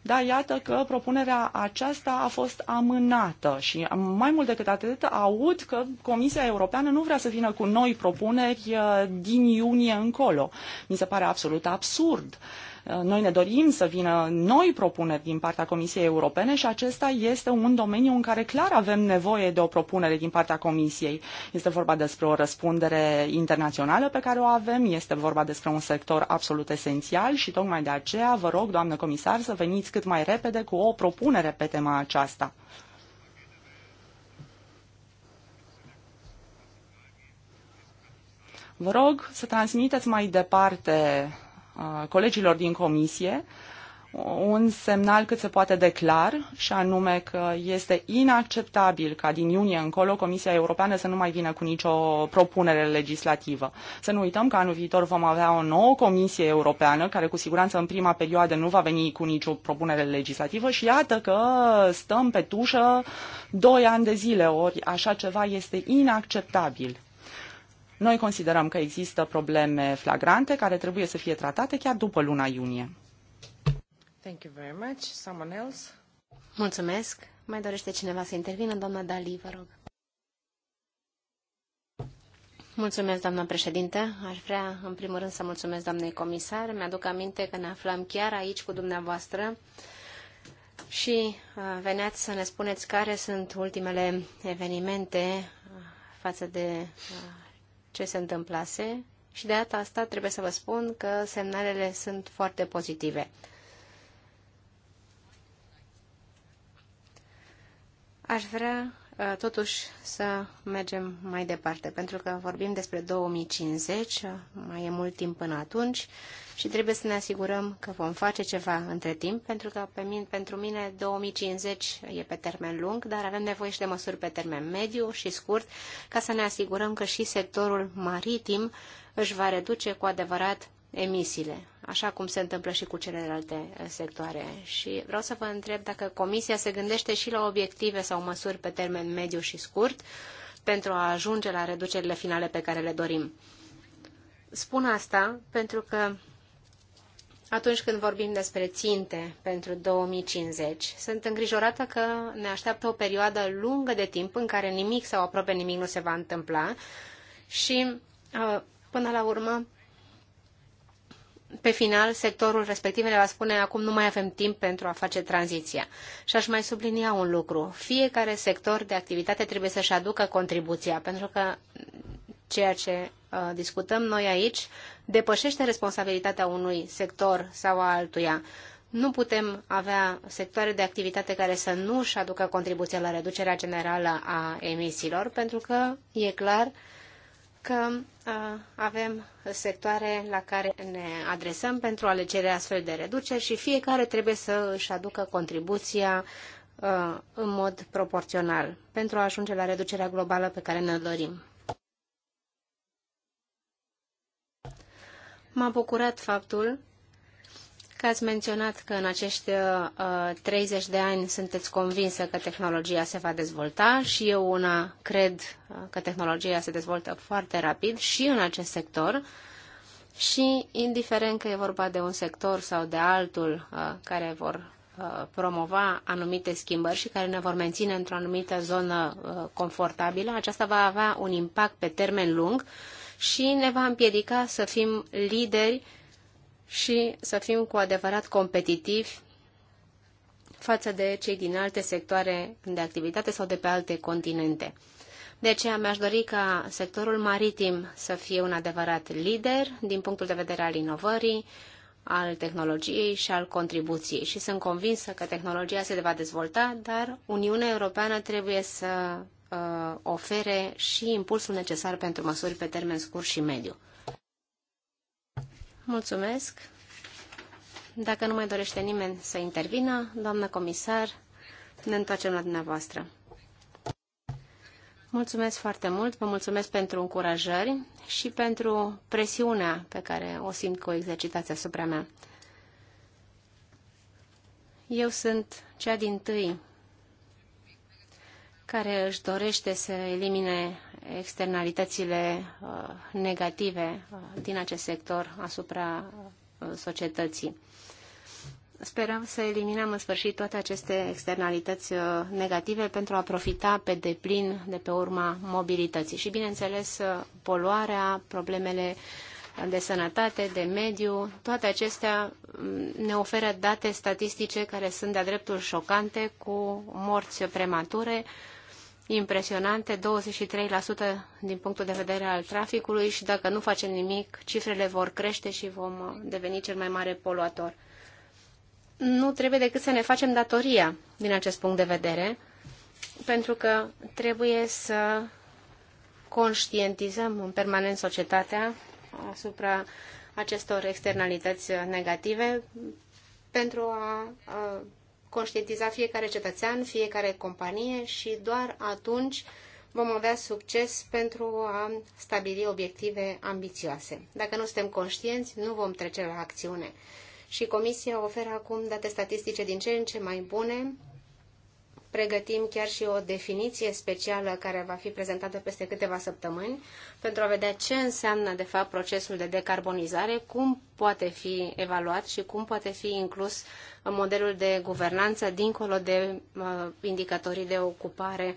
dar iată că propunerea aceasta a fost amânată și mai mult decât atât aud că Comisia Europeană nu vrea să vină cu noi propuneri din iunie încolo. Mi se pare absolut absurd. Uh, noi ne dorim să vină noi propuneri din partea Comisiei Europene și acesta este un domeniu în care clar avem nevoie de o propunere din partea Comisiei. Este vorba despre o răspundere internațională pe care o avem, este vorba despre un sector absolut esențial și tocmai de aceea vă rog, doamnă comisar, să veniți cât mai repede cu o propunere pe tema aceasta. Vă rog să transmiteți mai departe colegilor din comisie un semnal cât se poate de clar, și anume că este inacceptabil ca din iunie încolo Comisia Europeană să nu mai vină cu nicio propunere legislativă. Să nu uităm că anul viitor vom avea o nouă Comisie Europeană, care cu siguranță în prima perioadă nu va veni cu nicio propunere legislativă și iată că stăm pe tușă doi ani de zile, ori așa ceva este inacceptabil. Noi considerăm că există probleme flagrante care trebuie să fie tratate chiar după luna iunie. Thank you very much. Someone else? Mulțumesc. Mai dorește cineva să intervină? Doamna Dali, vă rog. Mulțumesc, doamna președinte. Aș vrea, în primul rând, să mulțumesc doamnei comisar. Mi-aduc aminte că ne aflăm chiar aici cu dumneavoastră și uh, veneați să ne spuneți care sunt ultimele evenimente uh, față de uh, ce se întâmplase și de data asta trebuie să vă spun că semnalele sunt foarte pozitive. Aș vrea Uh, totuși să mergem mai departe, pentru că vorbim despre 2050, uh, mai e mult timp până atunci și trebuie să ne asigurăm că vom face ceva între timp, pentru că pe mine, pentru mine 2050 e pe termen lung, dar avem nevoie și de măsuri pe termen mediu și scurt, ca să ne asigurăm că și sectorul maritim își va reduce cu adevărat emisiile așa cum se întâmplă și cu celelalte eh, sectoare. Și vreau să vă întreb dacă Comisia se gândește și la obiective sau măsuri pe termen mediu și scurt pentru a ajunge la reducerile finale pe care le dorim. Spun asta pentru că atunci când vorbim despre ținte pentru 2050, sunt îngrijorată că ne așteaptă o perioadă lungă de timp în care nimic sau aproape nimic nu se va întâmpla și, eh, până la urmă, pe final, sectorul respectiv le va spune acum nu mai avem timp pentru a face tranziția. Și aș mai sublinia un lucru. Fiecare sector de activitate trebuie să-și aducă contribuția, pentru că ceea ce uh, discutăm noi aici depășește responsabilitatea unui sector sau a altuia. Nu putem avea sectoare de activitate care să nu își aducă contribuția la reducerea generală a emisiilor, pentru că, e clar, că avem sectoare la care ne adresăm pentru a le cere astfel de reduceri și fiecare trebuie să își aducă contribuția în mod proporțional pentru a ajunge la reducerea globală pe care ne dorim. M-a bucurat faptul că ați menționat că în acești uh, 30 de ani sunteți convinsă că tehnologia se va dezvolta și eu una cred uh, că tehnologia se dezvoltă foarte rapid și în acest sector și indiferent că e vorba de un sector sau de altul uh, care vor uh, promova anumite schimbări și care ne vor menține într-o anumită zonă uh, confortabilă, aceasta va avea un impact pe termen lung și ne va împiedica să fim lideri uh, și să fim cu adevărat competitivi față de cei din alte sectoare de activitate sau de pe alte continente. De aceea mi-aș dori ca sectorul maritim să fie un adevărat lider din punctul de vedere al inovării, al tehnologiei și al contribuției. Și sunt convinsă că tehnologia se va dezvolta, dar Uniunea Europeană trebuie să uh, ofere și impulsul necesar pentru măsuri pe termen scurt și mediu. Mulțumesc. Dacă nu mai dorește nimeni să intervină, doamnă comisar, ne întoarcem la dumneavoastră. Mulțumesc foarte mult, vă mulțumesc pentru încurajări și pentru presiunea pe care o simt că o exercitați asupra mea. Eu sunt cea din tâi care își dorește să elimine externalitățile uh, negative uh, din acest sector asupra uh, societății. Sperăm să eliminăm în sfârșit toate aceste externalități negative pentru a profita pe deplin de pe urma mobilității. Și, bineînțeles, poluarea, problemele de sănătate, de mediu, toate acestea mm, ne oferă date statistice care sunt de-a dreptul șocante, cu morți premature, impresionante, 23% din punctul de vedere al traficului și dacă nu facem nimic, cifrele vor crește și vom deveni cel mai mare poluator. Nu trebuie decât să ne facem datoria din acest punct de vedere, pentru că trebuie să conștientizăm în permanent societatea asupra acestor externalități negative pentru a, a conștientiza fiecare cetățean, fiecare companie și doar atunci vom avea succes pentru a stabili obiective ambițioase. Dacă nu suntem conștienți, nu vom trece la acțiune. Și Comisia oferă acum date statistice din ce în ce mai bune pregătim chiar și o definiție specială care va fi prezentată peste câteva săptămâni pentru a vedea ce înseamnă de fapt procesul de decarbonizare, cum poate fi evaluat și cum poate fi inclus în modelul de guvernanță dincolo de uh, indicatorii de ocupare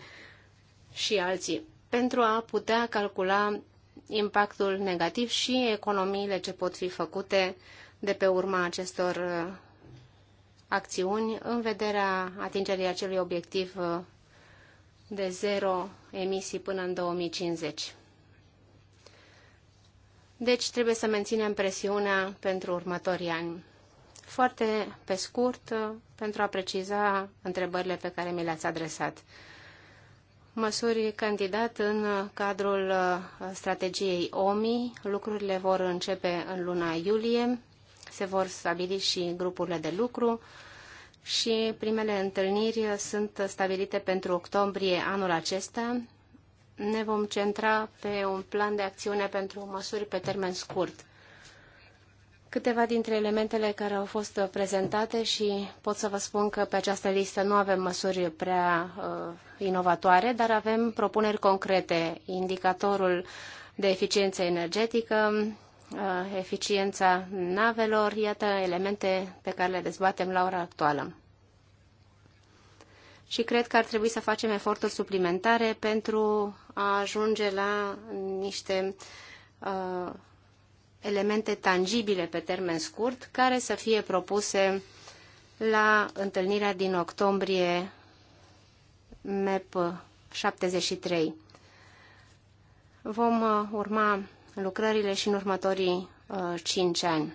și alții, pentru a putea calcula impactul negativ și economiile ce pot fi făcute de pe urma acestor acțiuni în vederea atingerii acelui obiectiv uh, de zero emisii până în 2050. Deci trebuie să menținem presiunea pentru următorii ani. Foarte pe scurt, uh, pentru a preciza întrebările pe care mi le-ați adresat. Măsuri candidat în uh, cadrul strategiei OMI. Lucrurile vor începe în luna iulie se vor stabili și grupurile de lucru și primele întâlniri sunt stabilite pentru octombrie anul acesta. Ne vom centra pe un plan de acțiune pentru măsuri pe termen scurt. Câteva dintre elementele care au fost prezentate și pot să vă spun că pe această listă nu avem măsuri prea uh, inovatoare, dar avem propuneri concrete, indicatorul de eficiență energetică, Uh, eficiența navelor, iată elemente pe care le dezbatem la ora actuală. Și cred că ar trebui să facem eforturi suplimentare pentru a ajunge la niște uh, elemente tangibile pe termen scurt care să fie propuse la întâlnirea din octombrie MEP 73. Vom uh, urma lucrările și în următorii uh, 5 ani.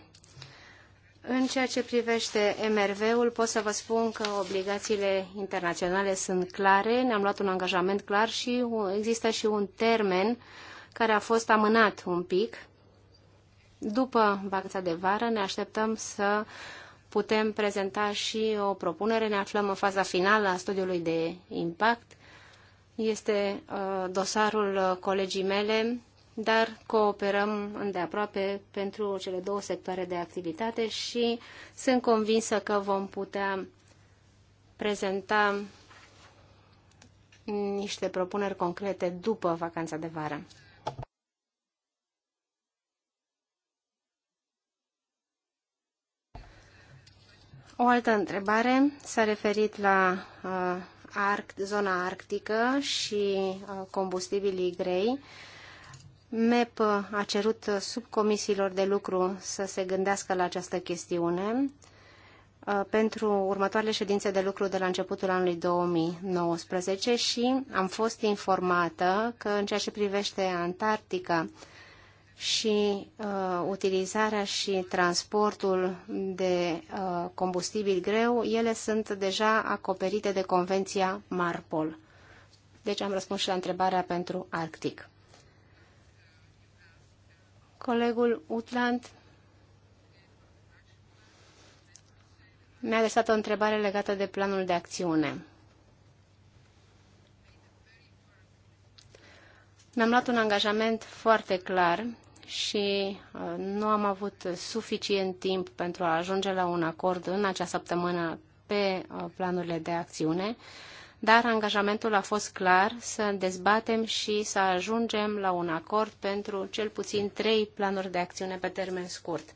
În ceea ce privește MRV-ul, pot să vă spun că obligațiile internaționale sunt clare, ne-am luat un angajament clar și există și un termen care a fost amânat un pic. După vacanța de vară ne așteptăm să putem prezenta și o propunere. Ne aflăm în faza finală a studiului de impact. Este uh, dosarul uh, colegii mele dar cooperăm îndeaproape pentru cele două sectoare de activitate și sunt convinsă că vom putea prezenta niște propuneri concrete după vacanța de vară. O altă întrebare s-a referit la uh, arc, zona arctică și uh, combustibilii grei. Uh, MEP a cerut subcomisiilor de lucru să se gândească la această chestiune uh, pentru următoarele ședințe de lucru de la începutul anului 2019 și am fost informată că în ceea ce privește Antarctica și uh, utilizarea și transportul de uh, combustibil greu, ele sunt deja acoperite de Convenția MARPOL. Deci am răspuns și la întrebarea pentru Arctic. Colegul Utland mi-a adresat o întrebare legată de planul de acțiune. Mi-am luat un angajament foarte clar și uh, nu am avut suficient timp pentru a ajunge la un acord în acea săptămână pe uh, planurile de acțiune dar angajamentul a fost clar să dezbatem și să ajungem la un acord pentru cel puțin trei planuri de acțiune pe termen scurt.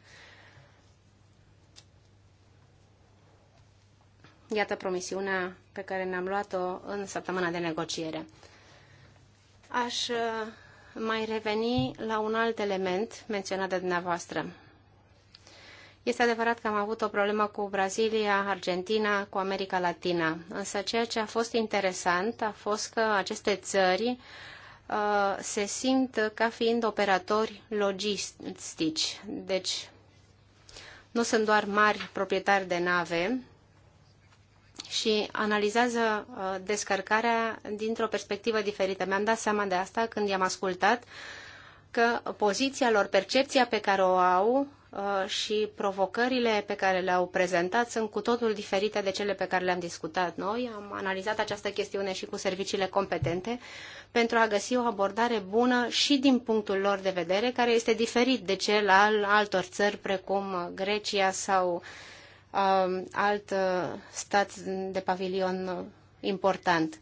Iată promisiunea pe care ne-am luat-o în săptămâna de negociere. Aș uh, mai reveni la un alt element menționat de dumneavoastră. Este adevărat că am avut o problemă cu Brazilia, Argentina, cu America Latina, însă ceea ce a fost interesant a fost că aceste țări uh, se simt ca fiind operatori logistici, deci nu sunt doar mari proprietari de nave și analizează uh, descărcarea dintr-o perspectivă diferită. Mi-am dat seama de asta când i-am ascultat că poziția lor, percepția pe care o au, Uh, și provocările pe care le-au prezentat sunt cu totul diferite de cele pe care le-am discutat noi. Am analizat această chestiune și cu serviciile competente pentru a găsi o abordare bună și din punctul lor de vedere, care este diferit de cel al altor țări precum Grecia sau uh, alt uh, stat de pavilion important.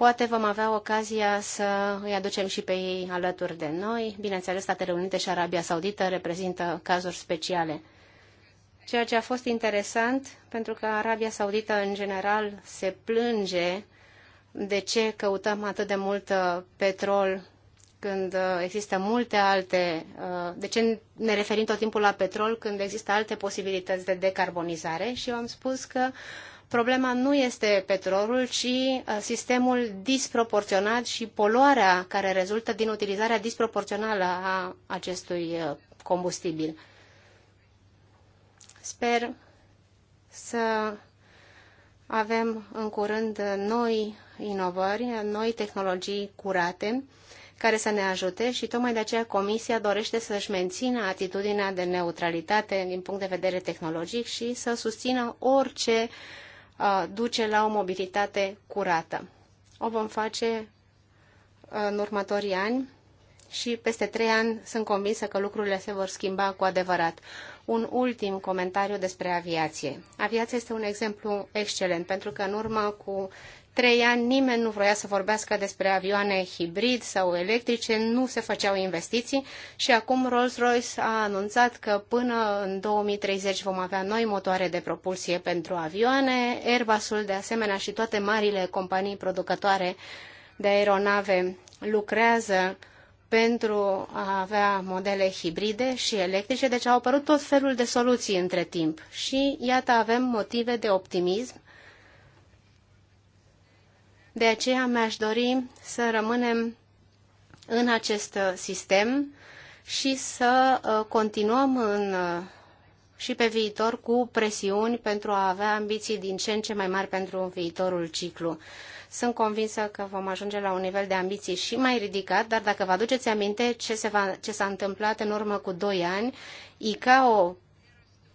Poate vom avea ocazia să îi aducem și pe ei alături de noi. Bineînțeles, Statele Unite și Arabia Saudită reprezintă cazuri speciale. Ceea ce a fost interesant, pentru că Arabia Saudită în general se plânge de ce căutăm atât de mult uh, petrol când uh, există multe alte, uh, de ce ne referim tot timpul la petrol când există alte posibilități de decarbonizare și eu am spus că problema nu este petrolul, ci uh, sistemul disproporționat și poluarea care rezultă din utilizarea disproporțională a acestui uh, combustibil. Sper să avem în curând noi inovări, noi tehnologii curate care să ne ajute și tocmai de aceea Comisia dorește să-și mențină atitudinea de neutralitate din punct de vedere tehnologic și să susțină orice uh, Uh, duce la o mobilitate curată. O vom face uh, în următorii ani și peste trei ani sunt convinsă că lucrurile se vor schimba cu adevărat. Un ultim comentariu despre aviație. Aviația este un exemplu excelent pentru că în urmă cu trei ani nimeni nu vroia să vorbească despre avioane hibrid sau electrice, nu se făceau investiții și acum Rolls-Royce a anunțat că până în 2030 vom avea noi motoare de propulsie pentru avioane, Airbusul de asemenea și toate marile companii producătoare de aeronave lucrează pentru a avea modele hibride și electrice, deci au apărut tot felul de soluții între timp. Și iată avem motive de optimism de aceea mi-aș dori să rămânem în acest uh, sistem și să uh, continuăm în, uh, și pe viitor cu presiuni pentru a avea ambiții din ce în ce mai mari pentru viitorul ciclu. Sunt convinsă că vom ajunge la un nivel de ambiții și mai ridicat, dar dacă vă aduceți aminte ce, se va, ce s-a întâmplat în urmă cu 2 ani, ICAO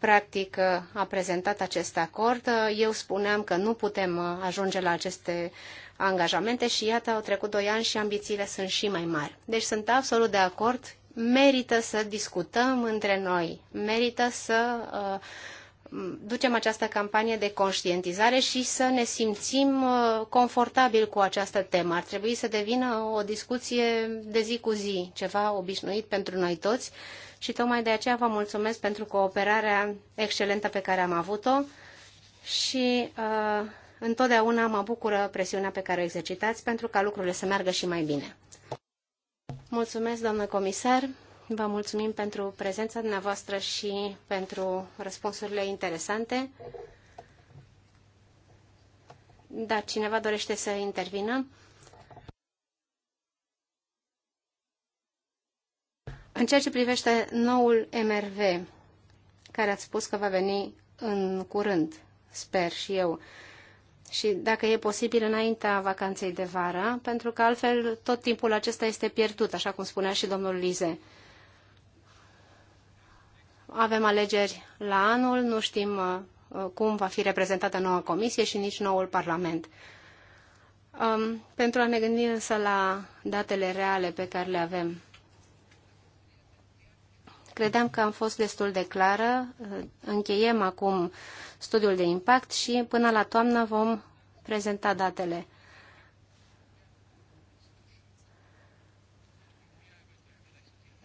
practic uh, a prezentat acest acord. Uh, eu spuneam că nu putem uh, ajunge la aceste angajamente și iată, au trecut doi ani și ambițiile sunt și mai mari. Deci sunt absolut de acord, merită să discutăm între noi, merită să uh, ducem această campanie de conștientizare și să ne simțim confortabil cu această temă. Ar trebui să devină o discuție de zi cu zi, ceva obișnuit pentru noi toți și tocmai de aceea vă mulțumesc pentru cooperarea excelentă pe care am avut-o și uh, întotdeauna mă bucură presiunea pe care o exercitați pentru ca lucrurile să meargă și mai bine. Mulțumesc, doamnă comisar. Vă mulțumim pentru prezența dumneavoastră și pentru răspunsurile interesante. Dar cineva dorește să intervină? În ceea ce privește noul MRV, care ați spus că va veni în curând, sper și eu, și dacă e posibil înaintea vacanței de vară, pentru că altfel tot timpul acesta este pierdut, așa cum spunea și domnul Lize. Avem alegeri la anul, nu știm uh, cum va fi reprezentată noua comisie și nici noul Parlament. Um, pentru a ne gândi însă la datele reale pe care le avem. Credeam că am fost destul de clară. Încheiem acum studiul de impact și până la toamnă vom prezenta datele.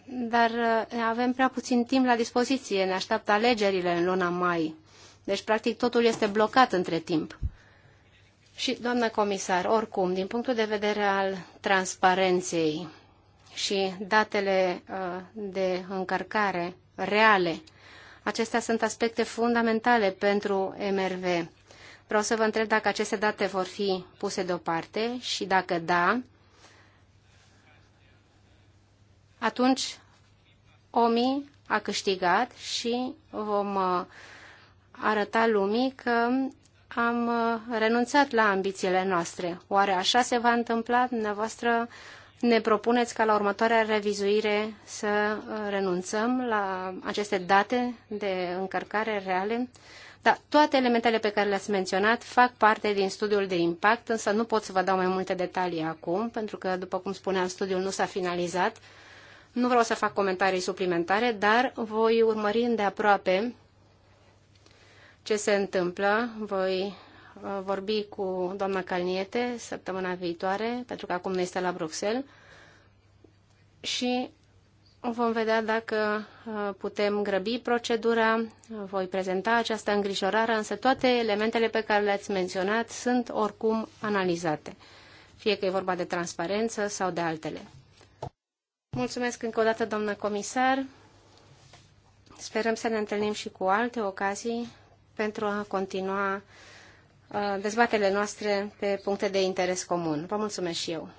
Dar eh, avem prea puțin timp la dispoziție. Ne așteaptă alegerile în luna mai. Deci, practic, totul este blocat între timp. Și, doamnă comisar, oricum, din punctul de vedere al transparenței, și datele uh, de încărcare reale. Acestea sunt aspecte fundamentale pentru MRV. Vreau să vă întreb dacă aceste date vor fi puse deoparte și dacă da, atunci OMI a câștigat și vom uh, arăta lumii că am uh, renunțat la ambițiile noastre. Oare așa se va întâmpla? Dumneavoastră ne propuneți ca la următoarea revizuire să uh, renunțăm la aceste date de încărcare reale. Dar toate elementele pe care le-ați menționat fac parte din studiul de impact, însă nu pot să vă dau mai multe detalii acum, pentru că, după cum spuneam, studiul nu s-a finalizat. Nu vreau să fac comentarii suplimentare, dar voi urmări îndeaproape ce se întâmplă, voi Uh, vorbi cu doamna Calniete săptămâna viitoare, pentru că acum ne este la Bruxelles, și vom vedea dacă uh, putem grăbi procedura, voi prezenta această îngrijorare, însă toate elementele pe care le-ați menționat sunt oricum analizate, fie că e vorba de transparență sau de altele. Mulțumesc încă o dată, doamnă comisar. Sperăm să ne întâlnim și cu alte ocazii pentru a continua Uh, dezbaterile noastre pe puncte de interes comun. Vă mulțumesc și eu.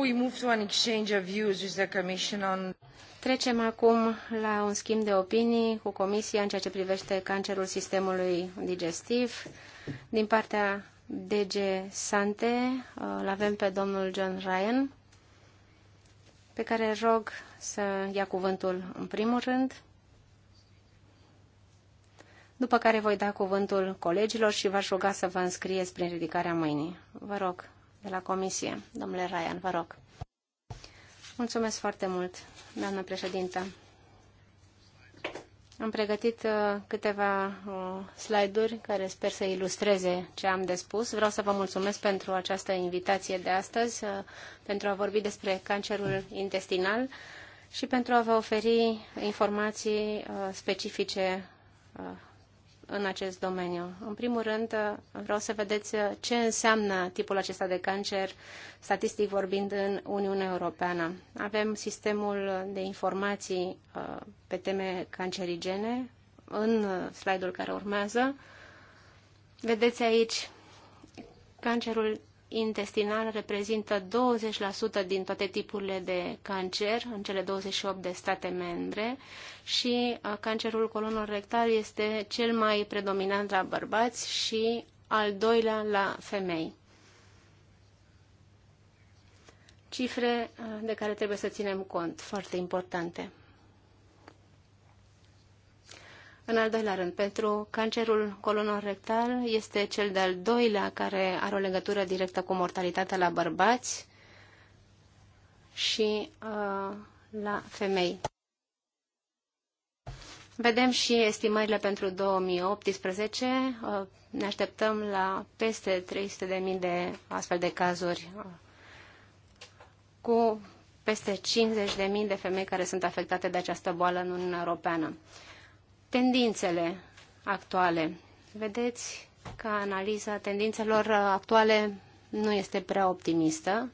we move to an exchange of views with the Commission on... Trecem acum la un schimb de opinii cu Comisia în ceea ce privește cancerul sistemului digestiv. Din partea DG Sante uh, îl avem pe domnul John Ryan, pe care rog să ia cuvântul în primul rând, după care voi da cuvântul colegilor și v-aș ruga să vă înscrieți prin ridicarea mâinii. Vă rog, de la Comisie. Domnule Ryan, vă rog. Mulțumesc foarte mult, doamnă președintă. Am pregătit uh, câteva uh, slide-uri care sper să ilustreze ce am de spus. Vreau să vă mulțumesc pentru această invitație de astăzi, uh, pentru a vorbi despre cancerul intestinal și pentru a vă oferi informații specifice în acest domeniu. În primul rând, vreau să vedeți ce înseamnă tipul acesta de cancer, statistic vorbind, în Uniunea Europeană. Avem sistemul de informații uh, pe teme cancerigene în slide-ul care urmează. Vedeți aici cancerul intestinal reprezintă 20% din toate tipurile de cancer în cele 28 de state membre și uh, cancerul colonor rectal este cel mai predominant la bărbați și al doilea la femei. Cifre uh, de care trebuie să ținem cont, foarte importante. În al doilea rând, pentru cancerul colonorectal este cel de-al doilea care are o legătură directă cu mortalitatea la bărbați și uh, la femei. Vedem și estimările pentru 2018. Uh, ne așteptăm la peste 300.000 de astfel de cazuri uh, cu peste 50.000 de femei care sunt afectate de această boală în Uniunea Europeană tendințele actuale. Vedeți că analiza tendințelor uh, actuale nu este prea optimistă.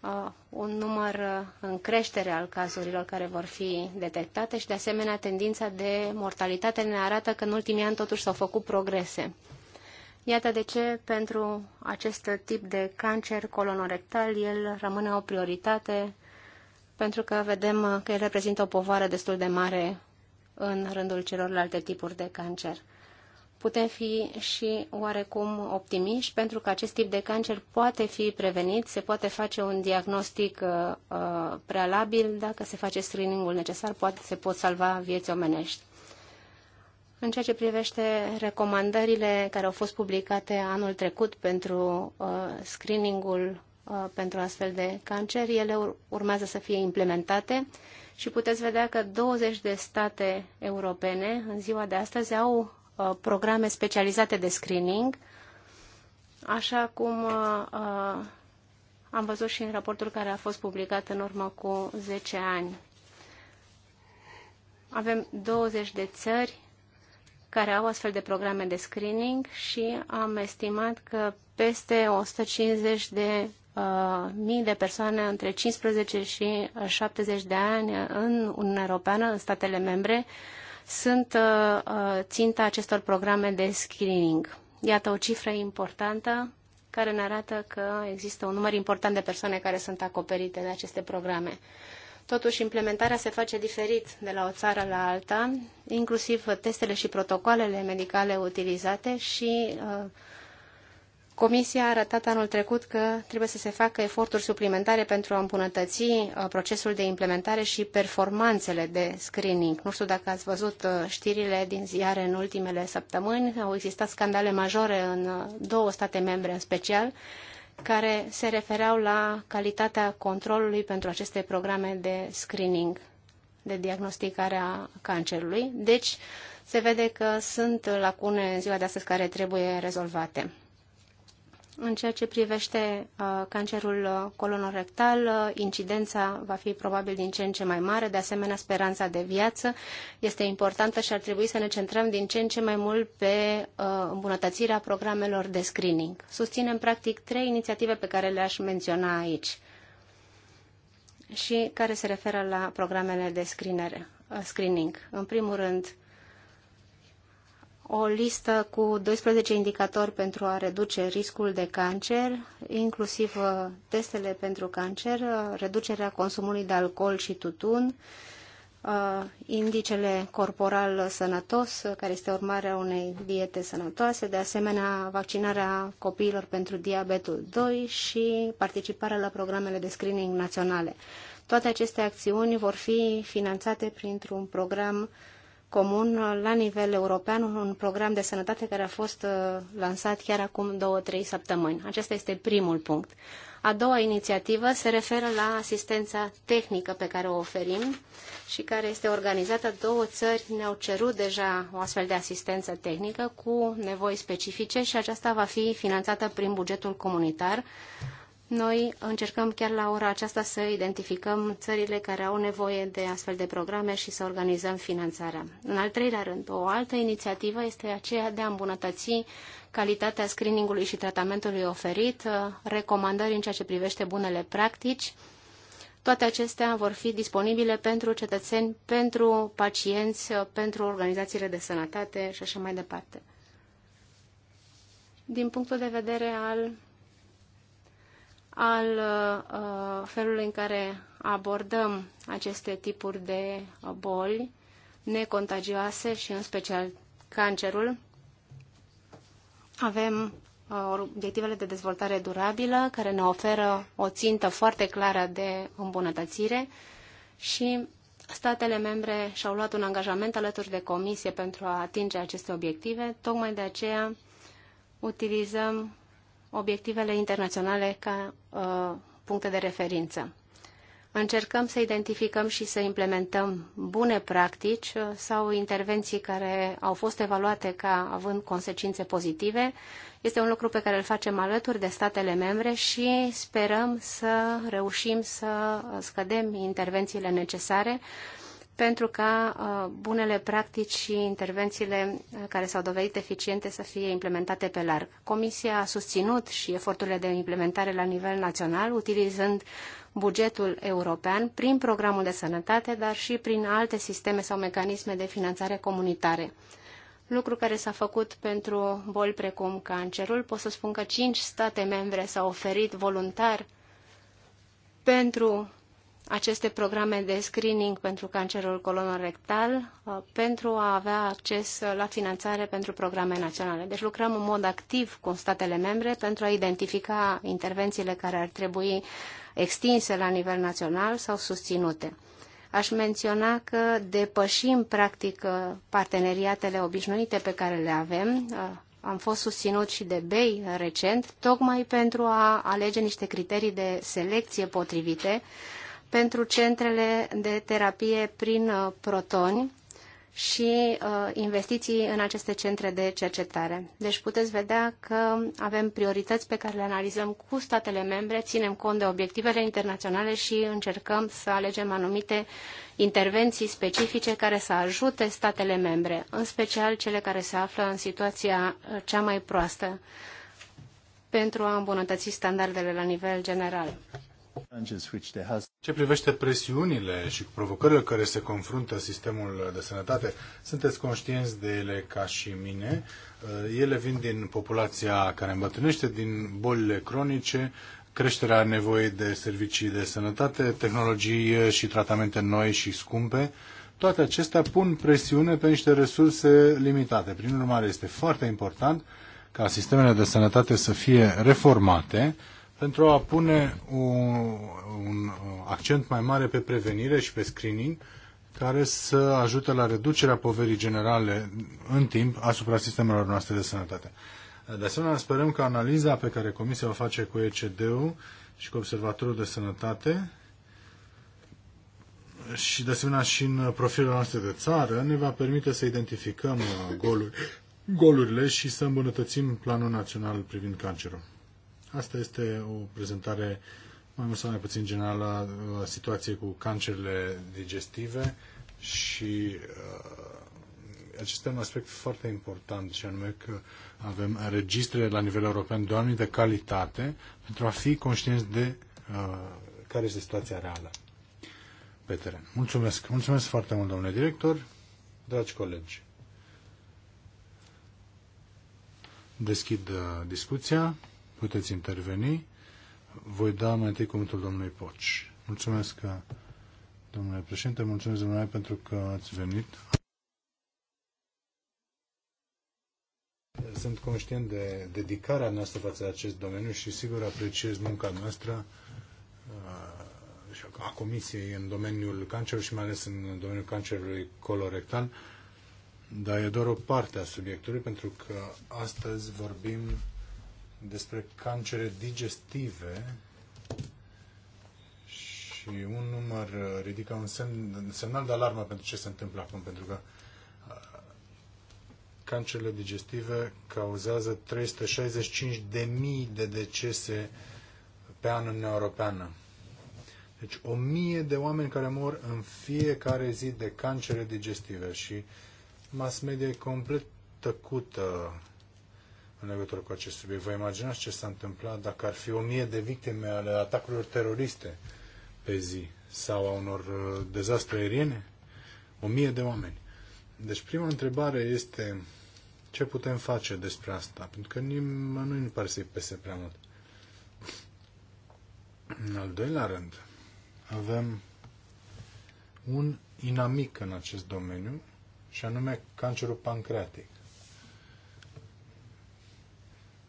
Uh, un număr uh, în creștere al cazurilor care vor fi detectate și, de asemenea, tendința de mortalitate ne arată că în ultimii ani totuși s-au făcut progrese. Iată de ce pentru acest tip de cancer colonorectal el rămâne o prioritate pentru că vedem că el reprezintă o povară destul de mare în rândul celorlalte tipuri de cancer. Putem fi și oarecum optimiști pentru că acest tip de cancer poate fi prevenit, se poate face un diagnostic uh, uh, prealabil, dacă se face screeningul necesar, poate se pot salva vieți omenești. În ceea ce privește recomandările care au fost publicate anul trecut pentru uh, screeningul uh, pentru astfel de cancer, ele urmează să fie implementate și puteți vedea că 20 de state europene în ziua de astăzi au uh, programe specializate de screening, așa cum uh, uh, am văzut și în raportul care a fost publicat în urmă cu 10 ani. Avem 20 de țări care au astfel de programe de screening și am estimat că peste 150 de Uh, mii de persoane între 15 și 70 de ani în Uniunea Europeană, în statele membre, sunt uh, uh, ținta acestor programe de screening. Iată o cifră importantă care ne arată că există un număr important de persoane care sunt acoperite de aceste programe. Totuși, implementarea se face diferit de la o țară la alta, inclusiv testele și protocoalele medicale utilizate și uh, Comisia a arătat anul trecut că trebuie să se facă eforturi suplimentare pentru a îmbunătăți uh, procesul de implementare și performanțele de screening. Nu știu dacă ați văzut uh, știrile din ziare în ultimele săptămâni. Au existat scandale majore în uh, două state membre în special care se refereau la calitatea controlului pentru aceste programe de screening, de diagnosticare a cancerului. Deci, se vede că sunt lacune în ziua de astăzi care trebuie rezolvate. În ceea ce privește uh, cancerul uh, colonorectal, uh, incidența va fi probabil din ce în ce mai mare, de asemenea speranța de viață este importantă și ar trebui să ne centrăm din ce în ce mai mult pe îmbunătățirea programelor de screening. Susținem practic trei inițiative pe care le-aș menționa aici și care se referă la programele de screenere, screening. În primul rând, o listă cu 12 indicatori pentru a reduce riscul de cancer, inclusiv uh, testele pentru cancer, uh, reducerea consumului de alcool și tutun, uh, indicele corporal sănătos, care este urmarea unei diete sănătoase, de asemenea vaccinarea copiilor pentru diabetul 2 și participarea la programele de screening naționale. Toate aceste acțiuni vor fi finanțate printr-un program uh, comun la nivel european, un program de sănătate care a fost uh, lansat chiar acum două-trei săptămâni. Acesta este primul punct. A doua inițiativă se referă la asistența tehnică pe care o oferim și care este organizată. Două țări ne-au cerut deja o astfel de asistență tehnică cu nevoi specifice și aceasta va fi finanțată prin bugetul comunitar noi încercăm chiar la ora aceasta să identificăm țările care au nevoie de astfel de programe și să organizăm finanțarea. În al treilea rând, o altă inițiativă este aceea de a îmbunătăți calitatea screeningului și tratamentului oferit, recomandări în ceea ce privește bunele practici. Toate acestea vor fi disponibile pentru cetățeni, pentru pacienți, pentru organizațiile de sănătate și așa mai departe. Din punctul de vedere al al uh, felului în care abordăm aceste tipuri de uh, boli necontagioase și în special cancerul. Avem uh, obiectivele de dezvoltare durabilă care ne oferă o țintă foarte clară de îmbunătățire și statele membre și-au luat un angajament alături de comisie pentru a atinge aceste obiective. Tocmai de aceea utilizăm obiectivele internaționale ca uh, puncte de referință. Încercăm să identificăm și să implementăm bune practici uh, sau intervenții care au fost evaluate ca având consecințe pozitive. Este un lucru pe care îl facem alături de statele membre și sperăm să reușim să scădem intervențiile necesare uh, pentru ca uh, bunele practici și intervențiile uh, care s-au dovedit eficiente să fie implementate pe larg. Comisia a susținut și eforturile de implementare la nivel național, utilizând bugetul european prin programul de sănătate, dar și prin alte sisteme sau mecanisme de finanțare comunitare. Lucru care s-a făcut pentru boli precum cancerul. Pot să spun că cinci state membre s-au oferit voluntar pentru aceste programe de screening pentru cancerul colonorectal uh, pentru a avea acces la finanțare pentru programe naționale. Deci lucrăm în mod activ cu statele membre pentru a identifica intervențiile care ar trebui extinse la nivel național sau susținute. Aș menționa că depășim practic uh, parteneriatele obișnuite pe care le avem, uh, am fost susținut și de BEI recent, tocmai pentru a alege niște criterii de selecție potrivite pentru centrele de terapie prin uh, protoni și uh, investiții în aceste centre de cercetare. Deci puteți vedea că avem priorități pe care le analizăm cu statele membre, ținem cont de obiectivele internaționale și încercăm să alegem anumite intervenții specifice care să ajute statele membre, în special cele care se află în situația uh, cea mai proastă pentru a îmbunătăți standardele la nivel general. Ce privește presiunile și provocările care se confruntă sistemul de sănătate, sunteți conștienți de ele ca și mine. Uh, ele vin din populația care îmbătrânește, din bolile cronice, creșterea nevoii de servicii de sănătate, tehnologii și tratamente noi și scumpe. Toate acestea pun presiune pe niște resurse limitate. Prin urmare, este foarte important ca sistemele de sănătate să fie reformate, pentru a pune un, un accent mai mare pe prevenire și pe screening, care să ajute la reducerea poverii generale în timp asupra sistemelor noastre de sănătate. De asemenea, sperăm că analiza pe care Comisia o face cu ECD-ul și cu Observatorul de Sănătate și, de asemenea, și în profilul noastre de țară, ne va permite să identificăm uh, goluri, golurile și să îmbunătățim planul național privind cancerul. Asta este o prezentare mai mult sau mai puțin generală a situației cu cancerele digestive și uh, acesta este un aspect foarte important și anume că avem registre la nivel european de o anumită calitate pentru a fi conștienți de uh, care este situația reală pe teren. Mulțumesc! Mulțumesc foarte mult, domnule director, dragi colegi. Deschid uh, discuția puteți interveni. Voi da mai întâi cuvântul domnului Poci. Mulțumesc, domnule președinte, mulțumesc domnule pentru că ați venit. Sunt conștient de dedicarea noastră față de acest domeniu și sigur apreciez munca noastră uh, și a Comisiei în domeniul cancerului și mai ales în domeniul cancerului colorectal, dar e doar o parte a subiectului pentru că astăzi vorbim despre cancere digestive și un număr ridică un, semn, un semnal de alarmă pentru ce se întâmplă acum, pentru că uh, cancerele digestive cauzează 365 de mii de decese pe an în Europeană. Deci o mie de oameni care mor în fiecare zi de cancere digestive și mass media e complet tăcută în legătură cu acest subiect. Vă imaginați ce s-a întâmplat dacă ar fi o mie de victime ale atacurilor teroriste pe zi sau a unor uh, dezastre aeriene? O mie de oameni. Deci prima întrebare este ce putem face despre asta? Pentru că nimănui nu pare să-i pese prea mult. În al doilea rând, avem un inamic în acest domeniu, și anume cancerul pancreatic.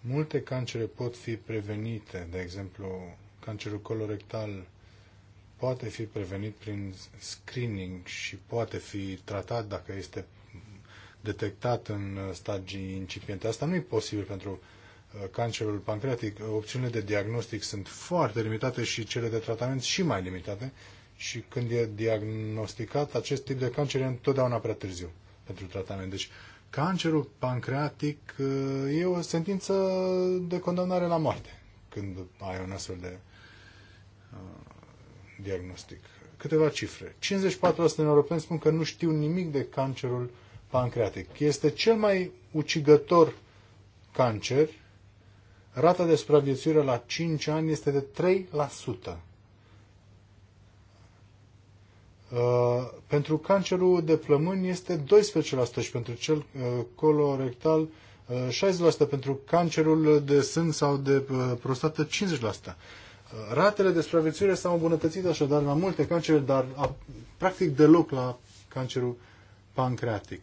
Multe cancere pot fi prevenite, de exemplu, cancerul colorectal poate fi prevenit prin screening și poate fi tratat dacă este detectat în stagii incipiente. Asta nu e posibil pentru uh, cancerul pancreatic. Opțiunile de diagnostic sunt foarte limitate și cele de tratament și mai limitate și când e diagnosticat acest tip de cancer e întotdeauna prea târziu pentru tratament. Deci Cancerul pancreatic uh, e o sentință de condamnare la moarte când ai un astfel de uh, diagnostic. Câteva cifre. 54% din europeni spun că nu știu nimic de cancerul pancreatic. Este cel mai ucigător cancer. Rata de supraviețuire la 5 ani este de 3%. Uh, pentru cancerul de plămâni este 12% și pentru cel uh, colorectal 60%, uh, pentru cancerul de sân sau de prostată 50%. Ratele de supraviețuire s-au îmbunătățit așadar la multe cancere, dar a, practic deloc la cancerul pancreatic.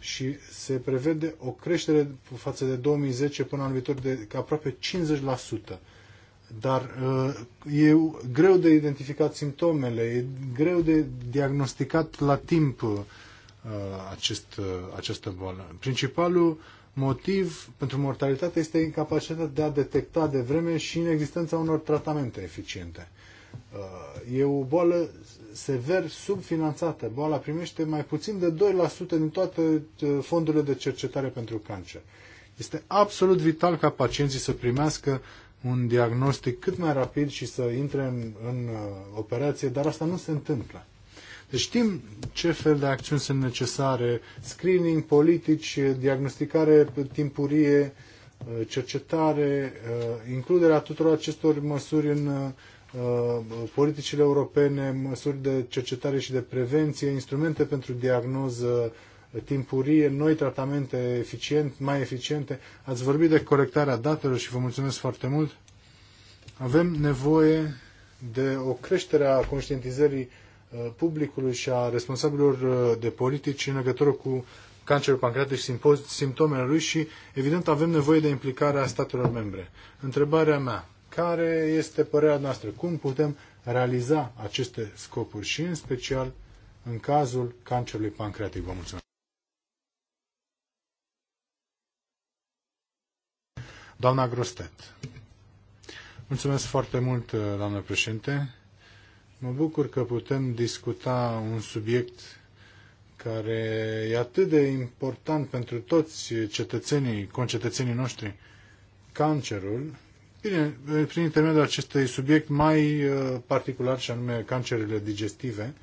Și se prevede o creștere față de 2010 până anul viitor de aproape 50% dar uh, e greu de identificat simptomele, e greu de diagnosticat la timp uh, acest, uh, această boală. Principalul motiv pentru mortalitate este incapacitatea de a detecta de vreme și inexistența unor tratamente eficiente. E o boală sever subfinanțată. Boala primește mai puțin de 2% din toate fondurile de cercetare pentru cancer. Este absolut vital ca pacienții să primească un diagnostic cât mai rapid și să intre în, în uh, operație, dar asta nu se întâmplă. Deci știm ce fel de acțiuni sunt necesare, screening, politici, diagnosticare timpurie, uh, cercetare, uh, includerea tuturor acestor măsuri în politicile europene, măsuri de cercetare și de prevenție, instrumente pentru diagnoză timpurie, noi tratamente eficient, mai eficiente. Ați vorbit de corectarea datelor și vă mulțumesc foarte mult. Avem nevoie de o creștere a conștientizării uh, publicului și a responsabililor uh, de politici în legătură cu cancerul pancreatic și simptomele lui și, evident, avem nevoie de implicarea statelor membre. Întrebarea mea, care este părerea noastră? Cum putem realiza aceste scopuri și, în special, în cazul cancerului pancreatic? Vă mulțumesc! Doamna Grostet. Mulțumesc foarte mult, uh, doamnă președinte. Mă bucur că putem discuta un subiect care e atât de important pentru toți cetățenii, concetățenii noștri, cancerul, bine, prin intermediul acestui subiect mai uh, particular și anume cancerele digestive,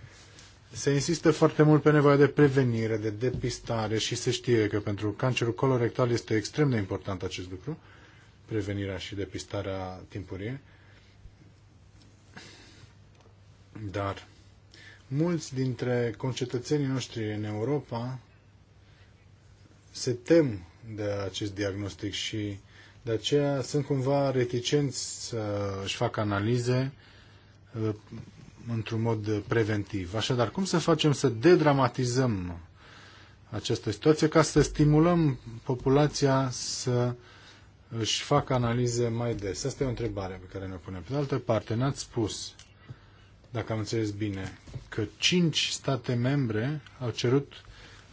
se insistă foarte mult pe nevoia de prevenire, de depistare și se știe că pentru cancerul colorectal este extrem de important acest lucru prevenirea și depistarea timpurie. Dar mulți dintre concetățenii noștri în Europa se tem de acest diagnostic și de aceea sunt cumva reticenți să își facă analize uh, într-un mod preventiv. Așadar, cum să facem să dedramatizăm această situație ca să stimulăm populația să își fac analize mai des? Asta e o întrebare pe care ne-o punem. Pe de altă parte, n-ați spus, dacă am înțeles bine, că cinci state membre au cerut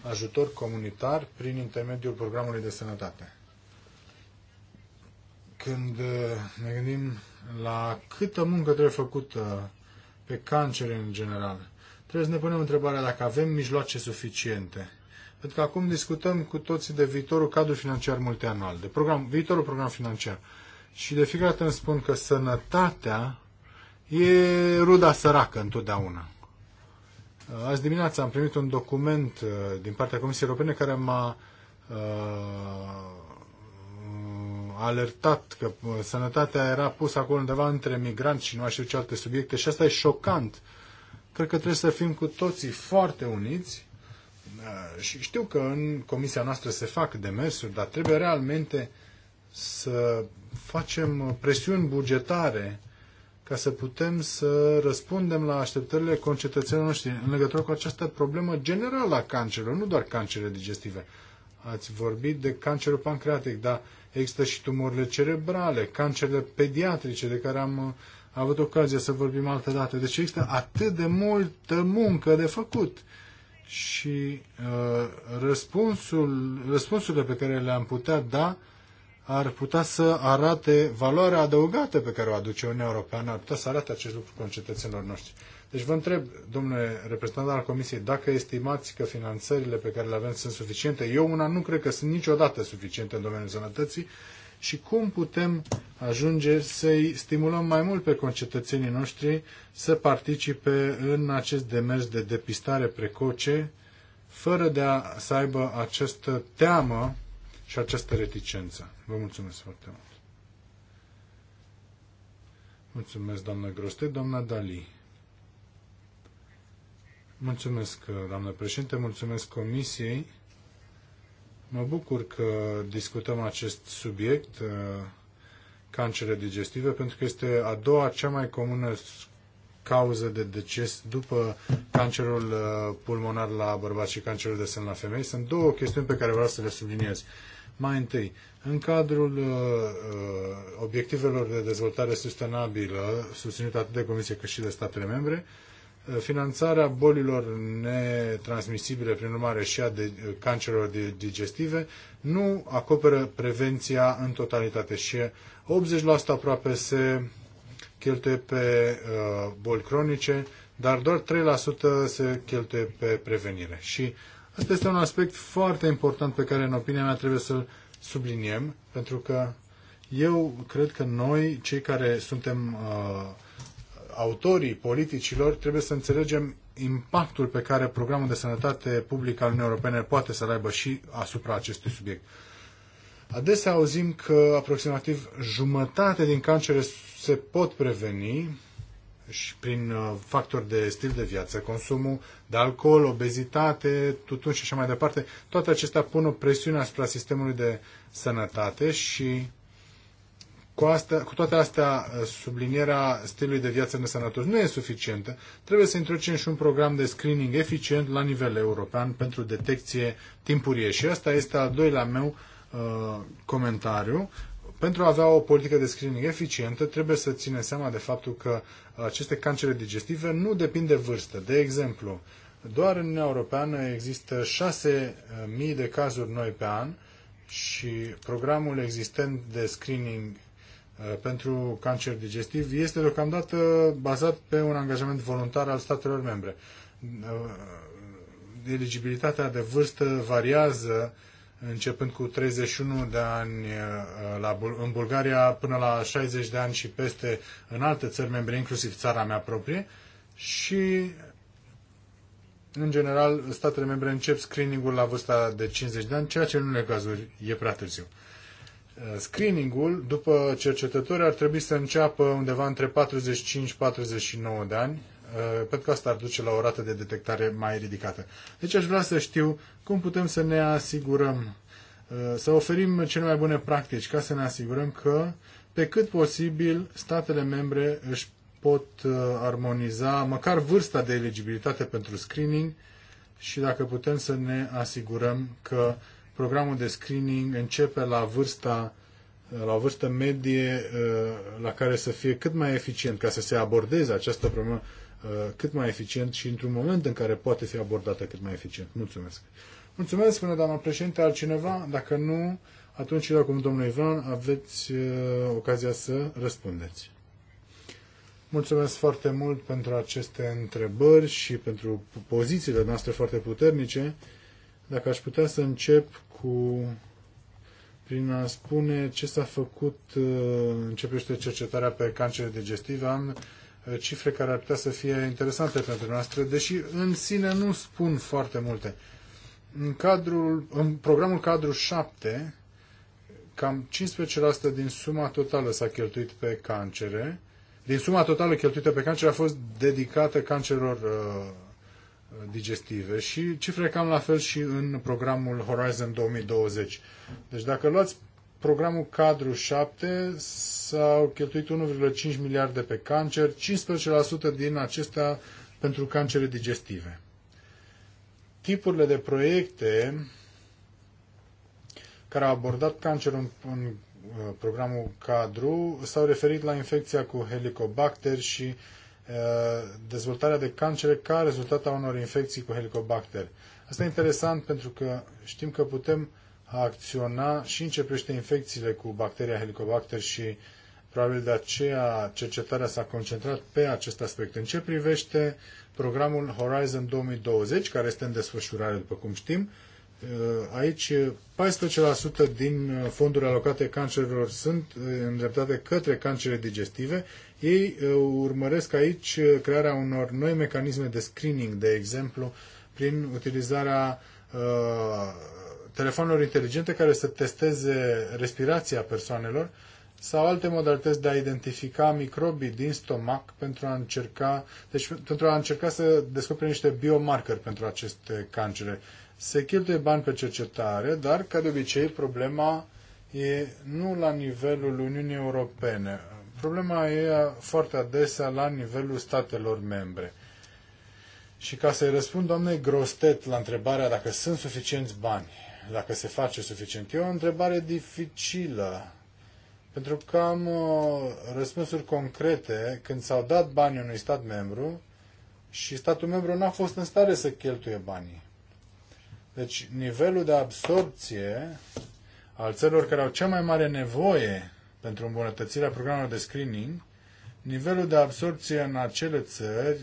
ajutor comunitar prin intermediul programului de sănătate. Când uh, ne gândim la câtă muncă trebuie făcută pe cancer în general, trebuie să ne punem întrebarea dacă avem mijloace suficiente pentru că acum discutăm cu toții de viitorul cadru financiar multianual, de program, viitorul program financiar. Și de fiecare dată îmi spun că sănătatea e ruda săracă întotdeauna. Azi dimineața am primit un document uh, din partea Comisiei Europene care m-a uh, alertat că uh, sănătatea era pusă acolo undeva între migranți și nu știu ce alte subiecte și asta e șocant. Cred că trebuie să fim cu toții foarte uniți Uh, și știu că în comisia noastră se fac demersuri, dar trebuie realmente să facem presiuni bugetare ca să putem să răspundem la așteptările concetățenilor noștri în legătură cu această problemă generală a cancerului, nu doar cancerele digestive. Ați vorbit de cancerul pancreatic, dar există și tumorile cerebrale, cancerele pediatrice de care am uh, avut ocazia să vorbim altă dată. Deci există atât de multă muncă de făcut și uh, răspunsul, răspunsurile pe care le-am putea da ar putea să arate valoarea adăugată pe care o aduce Uniunea Europeană, ar putea să arate acest lucru concetățenilor noștri. Deci vă întreb, domnule reprezentant al Comisiei, dacă estimați că finanțările pe care le avem sunt suficiente, eu una nu cred că sunt niciodată suficiente în domeniul sănătății și cum putem ajunge să-i stimulăm mai mult pe concetățenii noștri să participe în acest demers de depistare precoce, fără de a să aibă această teamă și această reticență. Vă mulțumesc foarte mult. Mulțumesc, doamnă Groste. Doamna Dali. Mulțumesc, doamnă președinte, mulțumesc comisiei Mă bucur că discutăm acest subiect, uh, cancere digestive, pentru că este a doua cea mai comună cauză de deces după cancerul uh, pulmonar la bărbați și cancerul de sân la femei. Sunt două chestiuni pe care vreau să le subliniez. Mai întâi, în cadrul uh, obiectivelor de dezvoltare sustenabilă, susținut atât de Comisie cât și de statele membre, finanțarea bolilor netransmisibile, prin urmare și a de, cancerelor digestive, nu acoperă prevenția în totalitate și 80% aproape se cheltuie pe uh, boli cronice, dar doar 3% se cheltuie pe prevenire. Și asta este un aspect foarte important pe care, în opinia mea, trebuie să-l subliniem, pentru că eu cred că noi, cei care suntem uh, autorii politicilor, trebuie să înțelegem impactul pe care programul de sănătate publică al Uniunii Europene poate să-l aibă și asupra acestui subiect. Adesea auzim că aproximativ jumătate din cancere se pot preveni și prin uh, factori de stil de viață, consumul de alcool, obezitate, tutun și așa mai departe. Toate acestea pun o presiune asupra sistemului de sănătate și cu, asta, cu toate astea, sublinierea stilului de viață nesănătos nu e suficientă. Trebuie să introducem și un program de screening eficient la nivel european pentru detecție timpurie. Și asta este al doilea meu uh, comentariu. Pentru a avea o politică de screening eficientă, trebuie să ținem seama de faptul că aceste cancere digestive nu depind de vârstă. De exemplu, doar în Uniunea Europeană există 6.000 uh, de cazuri noi pe an și programul existent de screening Uh, pentru cancer digestiv este deocamdată bazat pe un angajament voluntar al statelor membre. Uh, eligibilitatea de vârstă variază începând cu 31 de ani uh, la în Bulgaria până la 60 de ani și peste în alte țări membre, inclusiv țara mea proprie și în general statele membre încep screening-ul la vârsta de 50 de ani, ceea ce în unele cazuri e prea târziu. Uh, screeningul, după cercetători, ar trebui să înceapă undeva între 45-49 de ani, uh, pentru că asta ar duce la o rată de detectare mai ridicată. Deci aș vrea să știu cum putem să ne asigurăm, uh, să oferim cele mai bune practici ca să ne asigurăm că, pe cât posibil, statele membre își pot armoniza măcar vârsta de eligibilitate pentru screening și dacă putem să ne asigurăm că programul de screening începe la vârsta la o vârstă medie uh, la care să fie cât mai eficient, ca să se abordeze această problemă uh, cât mai eficient și într-un moment în care poate fi abordată cât mai eficient. Mulțumesc! Mulțumesc, spune doamna președinte, altcineva? Dacă nu, atunci, dacă cum domnul Ivan, aveți uh, ocazia să răspundeți. Mulțumesc foarte mult pentru aceste întrebări și pentru pozițiile noastre foarte puternice. Dacă aș putea să încep cu prin a spune ce s-a făcut uh, în ce privește cercetarea pe cancer digestiv. Am uh, cifre care ar putea să fie interesante pentru noastră, deși în sine nu spun foarte multe. În, cadrul, în programul cadru 7, cam 15% din suma totală s-a cheltuit pe cancere. Din suma totală cheltuită pe cancer a fost dedicată cancerelor uh, digestive și cifre cam la fel și în programul Horizon 2020. Deci dacă luați programul cadru 7 s-au cheltuit 1,5 miliarde pe cancer, 15% din acestea pentru cancere digestive. Tipurile de proiecte care au abordat cancerul în, în uh, programul cadru s-au referit la infecția cu helicobacter și Uh, dezvoltarea de cancere ca rezultat a unor infecții cu helicobacter. Asta e interesant pentru că știm că putem acționa și începește infecțiile cu bacteria helicobacter și probabil de aceea cercetarea s-a concentrat pe acest aspect. În ce privește programul Horizon 2020, care este în desfășurare, după cum știm, uh, aici 14% din uh, fondurile alocate cancerilor sunt îndreptate către cancere digestive ei uh, urmăresc aici uh, crearea unor noi mecanisme de screening, de exemplu, prin utilizarea uh, telefonelor inteligente care să testeze respirația persoanelor sau alte modalități de a identifica microbii din stomac pentru a încerca, deci pentru a încerca să descopere niște biomarcări pentru aceste cancere. Se cheltuie bani pe cercetare, dar, ca de obicei, problema e nu la nivelul Uniunii Europene. Problema e foarte adesea la nivelul statelor membre. Și ca să-i răspund doamnei Grostet la întrebarea dacă sunt suficienți bani, dacă se face suficient, e o întrebare dificilă. Pentru că am uh, răspunsuri concrete când s-au dat bani unui stat membru și statul membru n-a fost în stare să cheltuie banii. Deci nivelul de absorpție al țărilor care au cea mai mare nevoie pentru îmbunătățirea programelor de screening, nivelul de absorpție în acele țări,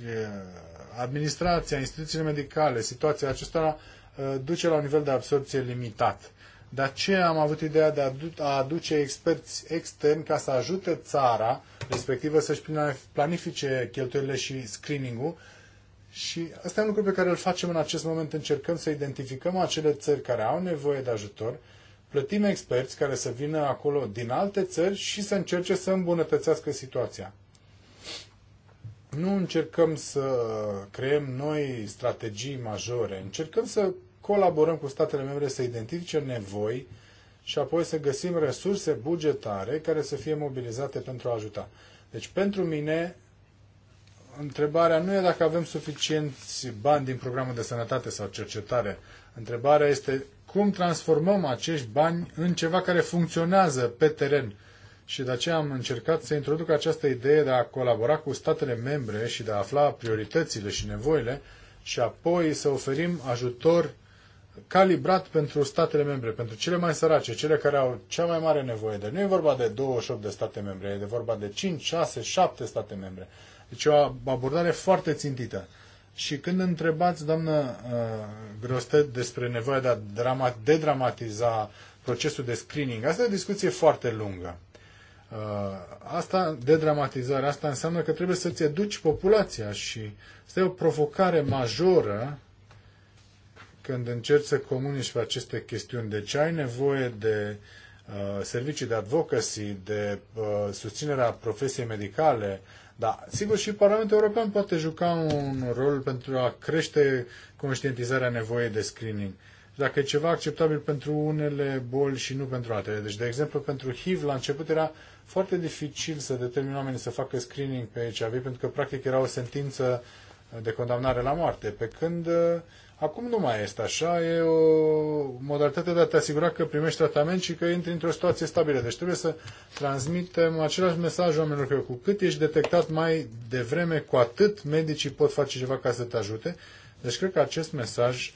administrația, instituțiile medicale, situația acestora duce la un nivel de absorpție limitat. De aceea am avut ideea de a aduce experți externi ca să ajute țara respectivă să-și planifice cheltuielile și screening-ul. Și asta e un lucru pe care îl facem în acest moment. Încercăm să identificăm acele țări care au nevoie de ajutor plătim experți care să vină acolo din alte țări și să încerce să îmbunătățească situația. Nu încercăm să creăm noi strategii majore, încercăm să colaborăm cu statele membre să identifice nevoi și apoi să găsim resurse bugetare care să fie mobilizate pentru a ajuta. Deci, pentru mine, întrebarea nu e dacă avem suficienți bani din programul de sănătate sau cercetare. Întrebarea este cum transformăm acești bani în ceva care funcționează pe teren. Și de aceea am încercat să introduc această idee de a colabora cu statele membre și de a afla prioritățile și nevoile și apoi să oferim ajutor calibrat pentru statele membre, pentru cele mai sărace, cele care au cea mai mare nevoie de. Nu e vorba de 28 de state membre, e de vorba de 5, 6, 7 state membre. Deci o abordare foarte țintită. Și când întrebați, doamnă uh, Grostet, despre nevoia de a drama, dedramatiza procesul de screening, asta e o discuție foarte lungă. Uh, asta, dedramatizarea, asta înseamnă că trebuie să-ți educi populația și este o provocare majoră când încerci să comunici pe aceste chestiuni. Deci ai nevoie de uh, servicii de advocacy, de uh, susținerea profesiei medicale, uh, da, sigur și Parlamentul European poate juca un rol pentru a crește conștientizarea nevoiei de screening. Dacă e ceva acceptabil pentru unele boli și nu pentru altele. Deci, de exemplu, pentru HIV, la început era foarte dificil să determin oamenii să facă screening pe HIV, pentru că, practic, era o sentință de condamnare la moarte. Pe când Acum nu mai este așa, e o modalitate de a te asigura că primești tratament și că intri într-o situație stabilă. Deci trebuie să transmitem același mesaj oamenilor că cu cât ești detectat mai devreme, cu atât medicii pot face ceva ca să te ajute. Deci cred că acest mesaj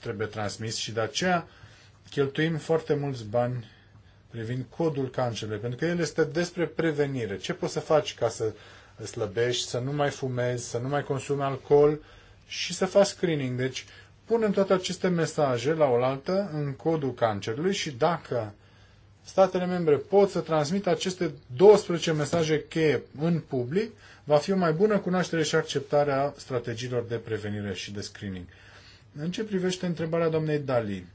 trebuie transmis și de aceea cheltuim foarte mulți bani privind codul cancerului, pentru că el este despre prevenire. Ce poți să faci ca să slăbești, să nu mai fumezi, să nu mai consumi alcool și să faci screening. Deci punem toate aceste mesaje la oaltă în codul cancerului și dacă statele membre pot să transmită aceste 12 mesaje cheie în public, va fi o mai bună cunoaștere și acceptare a strategiilor de prevenire și de screening. În ce privește întrebarea doamnei Dali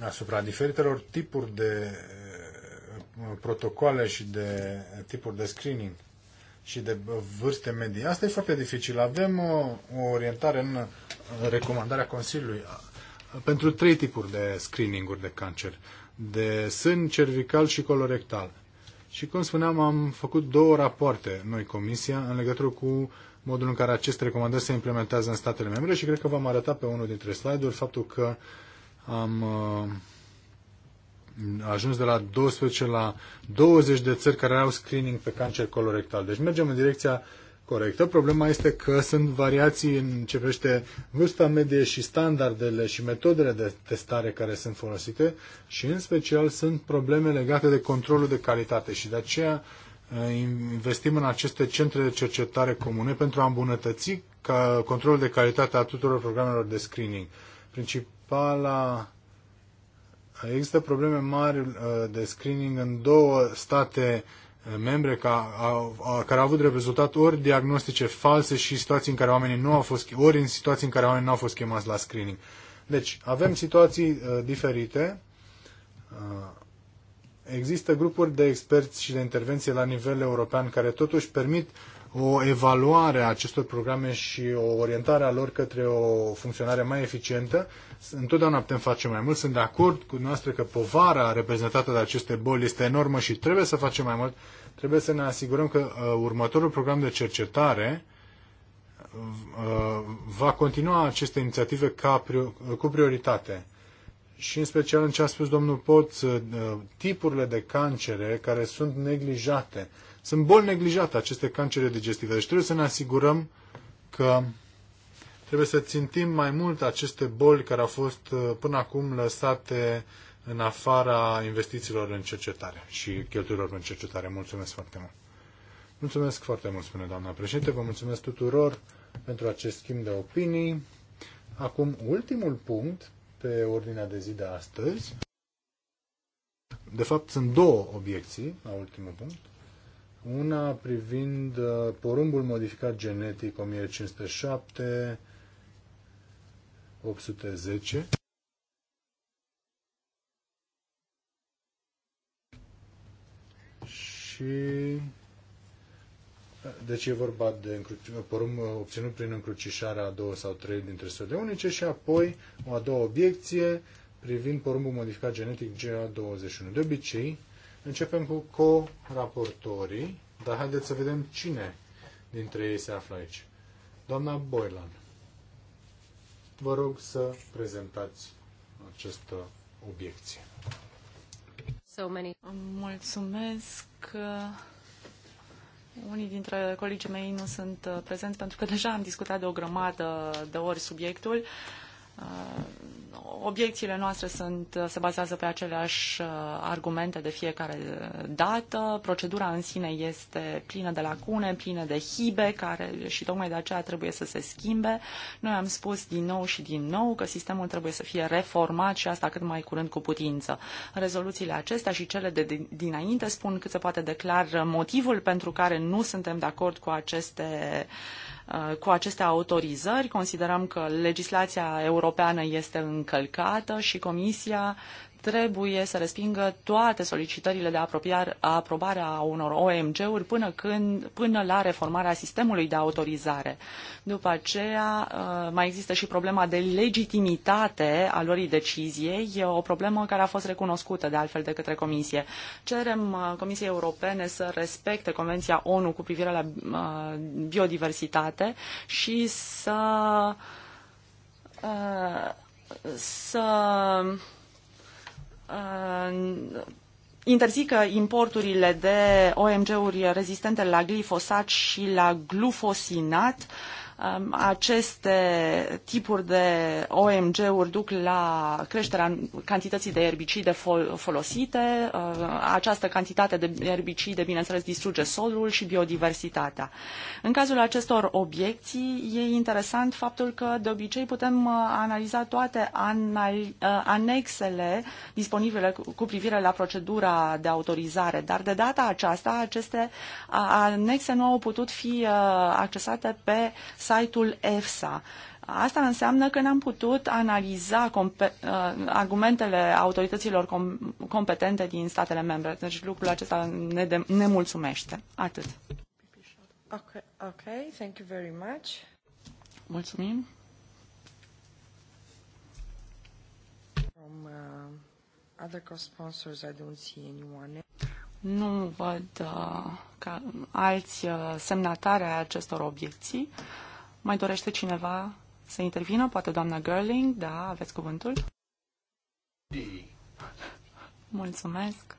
asupra diferitelor tipuri de eh, protocoale și de tipuri de screening, și de vârste medii. Asta e foarte dificil. Avem o, uh, o orientare în recomandarea Consiliului uh, pentru trei tipuri de screening-uri de cancer. De sân, cervical și colorectal. Și cum spuneam, am făcut două rapoarte noi comisia în legătură cu modul în care aceste recomandări se implementează în statele membre și cred că v-am arătat pe unul dintre slide-uri faptul că am uh, a ajuns de la 12 la 20 de țări care au screening pe cancer colorectal. Deci mergem în direcția corectă. Problema este că sunt variații în ce privește vârsta medie și standardele și metodele de testare care sunt folosite și în special sunt probleme legate de controlul de calitate și de aceea eh, investim în aceste centre de cercetare comune pentru a îmbunătăți controlul de calitate a tuturor programelor de screening. Principala Există probleme mari uh, de screening în două state uh, membre ca, a, a, care au avut rezultat ori diagnostice false și situații în care oamenii nu au fost, ori în situații în care oamenii nu au fost chemați la screening. Deci, avem situații uh, diferite. Uh, există grupuri de experți și de intervenție la nivel european care totuși permit o evaluare a acestor programe și o orientare a lor către o funcționare mai eficientă. Întotdeauna putem face mai mult. Sunt de acord cu noastră că povara reprezentată de aceste boli este enormă și trebuie să facem mai mult. Trebuie să ne asigurăm că uh, următorul program de cercetare uh, va continua aceste inițiative ca, uh, cu prioritate și în special în ce a spus domnul Poț, uh, tipurile de cancere care sunt neglijate. Sunt boli neglijate aceste cancere digestive. Deci trebuie să ne asigurăm că trebuie să țintim mai mult aceste boli care au fost uh, până acum lăsate în afara investițiilor în cercetare și cheltuielor în cercetare. Mulțumesc foarte mult! Mulțumesc foarte mult, spune doamna președinte. Vă mulțumesc tuturor pentru acest schimb de opinii. Acum, ultimul punct pe ordinea de zi de astăzi. De fapt, sunt două obiecții la ultimul punct. Una privind uh, porumbul modificat genetic 1507 810 și uh, deci e vorba de porumb uh, obținut prin încrucișarea a două sau trei dintre sode unice și apoi o a doua obiecție privind porumbul modificat genetic GA21. De obicei, Începem cu co-raportorii, dar haideți să vedem cine dintre ei se află aici. Doamna Boylan, vă rog să prezentați această obiecție. So many. Mulțumesc. Unii dintre colegii mei nu sunt uh, prezenți pentru că deja am discutat de o grămadă de ori subiectul. Uh, Uh, obiecțiile noastre sunt, uh, se bazează pe aceleași uh, argumente de fiecare dată. Procedura în sine este plină de lacune, plină de hibe care și tocmai de aceea trebuie să se schimbe. Noi am spus din nou și din nou că sistemul trebuie să fie reformat și asta cât mai curând cu putință. Rezoluțiile acestea și cele de dinainte spun cât se poate declar motivul pentru care nu suntem de acord cu aceste uh, Uh, cu aceste autorizări. Considerăm că legislația europeană este încălcată și Comisia trebuie să respingă toate solicitările de aprobare a unor OMG-uri până, când, până la reformarea sistemului de autorizare. După aceea uh, mai există și problema de legitimitate a lorii deciziei, o problemă care a fost recunoscută de altfel de către Comisie. Cerem uh, Comisiei Europene să respecte Convenția ONU cu privire la uh, biodiversitate și să să interzică importurile de OMG-uri rezistente la glifosat și la glufosinat Um, aceste tipuri de OMG-uri duc la creșterea cantității de erbicide folosite. Uh, această cantitate de erbicide, bineînțeles, distruge solul și biodiversitatea. În cazul acestor obiecții, e interesant faptul că, de obicei, putem uh, analiza toate uh, anexele disponibile cu privire la procedura de autorizare, dar de data aceasta, aceste anexe nu au putut fi accesate pe site-ul EFSA. Asta înseamnă că n-am putut analiza uh, argumentele autorităților com- competente din statele membre. Deci lucrul acesta ne, de- ne mulțumește. Atât. Okay, okay, thank you very much. Mulțumim. From, uh, other co-sponsors, I don't see anyone. Nu văd uh, ca alți uh, semnatare a acestor obiecții. Uh, mai dorește cineva să intervină? Poate doamna Gerling? Da, aveți cuvântul. Mulțumesc.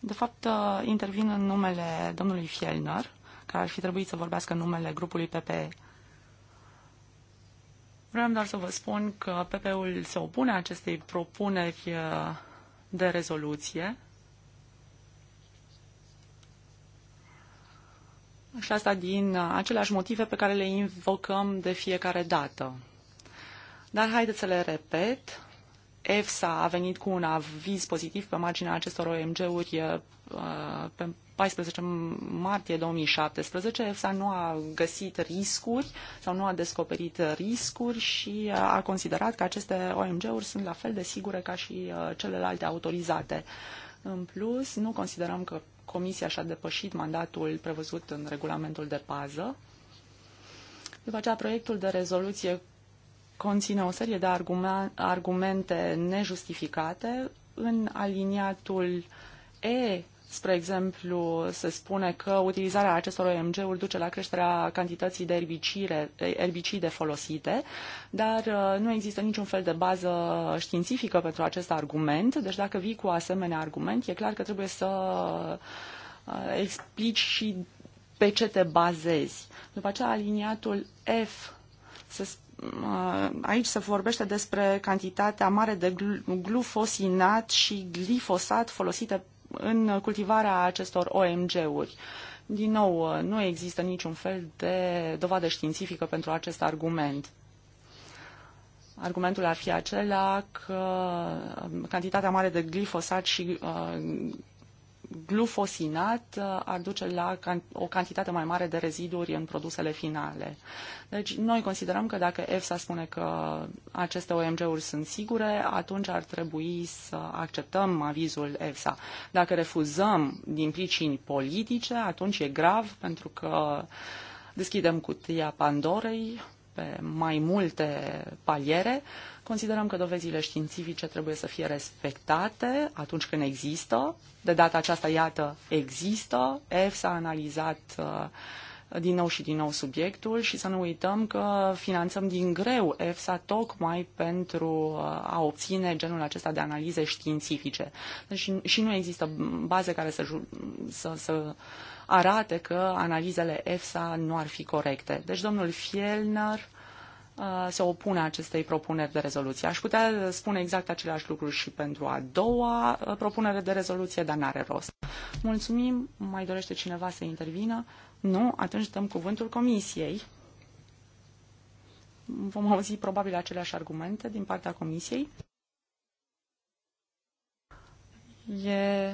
De fapt, uh, intervin în numele domnului Fielner, care ar fi trebuit să vorbească în numele grupului PPE. Vreau doar să vă spun că PP-ul se opune acestei propuneri uh, de rezoluție. Și asta din uh, aceleași motive pe care le invocăm de fiecare dată. Dar haideți să le repet. EFSA a venit cu un aviz pozitiv pe marginea acestor OMG-uri uh, pe 14 martie 2017. EFSA nu a găsit riscuri sau nu a descoperit riscuri și uh, a considerat că aceste OMG-uri sunt la fel de sigure ca și celelalte autorizate. În plus, nu considerăm că Comisia și-a depășit mandatul prevăzut în regulamentul de bază. După aceea, proiectul de rezoluție conține o serie de argumente nejustificate. În aliniatul E Spre exemplu, se spune că utilizarea acestor OMG-uri duce la creșterea cantității de erbicide, erbicide folosite, dar uh, nu există niciun fel de bază științifică pentru acest argument. Deci dacă vii cu asemenea argument, e clar că trebuie să uh, explici și pe ce te bazezi. După aceea, aliniatul F se uh, aici se vorbește despre cantitatea mare de glufosinat și glifosat folosite în cultivarea acestor OMG-uri. Din nou, nu există niciun fel de dovadă științifică pentru acest argument. Argumentul ar fi acela că cantitatea mare de glifosat și uh, glufosinat uh, ar duce la o cantitate mai mare de reziduri în produsele finale. Deci noi considerăm că dacă EFSA spune că aceste OMG-uri sunt sigure, atunci ar trebui să acceptăm avizul EFSA. Dacă refuzăm din pricini politice, atunci e grav pentru că deschidem cutia Pandorei pe mai multe paliere uh, Considerăm că dovezile științifice trebuie să fie respectate atunci când există. De data aceasta, iată, există. EFSA a analizat uh, din nou și din nou subiectul și să nu uităm că finanțăm din greu EFSA tocmai pentru uh, a obține genul acesta de analize științifice. Deci și nu există baze care să, să, să arate că analizele EFSA nu ar fi corecte. Deci, domnul Fielner, uh, Uh, se opune acestei propuneri de rezoluție. Aș putea spune exact aceleași lucruri și pentru a doua uh, propunere de rezoluție, dar n-are rost. Mulțumim. Mai dorește cineva să intervină? Nu? Atunci dăm cuvântul Comisiei. Vom auzi probabil aceleași argumente din partea Comisiei. E...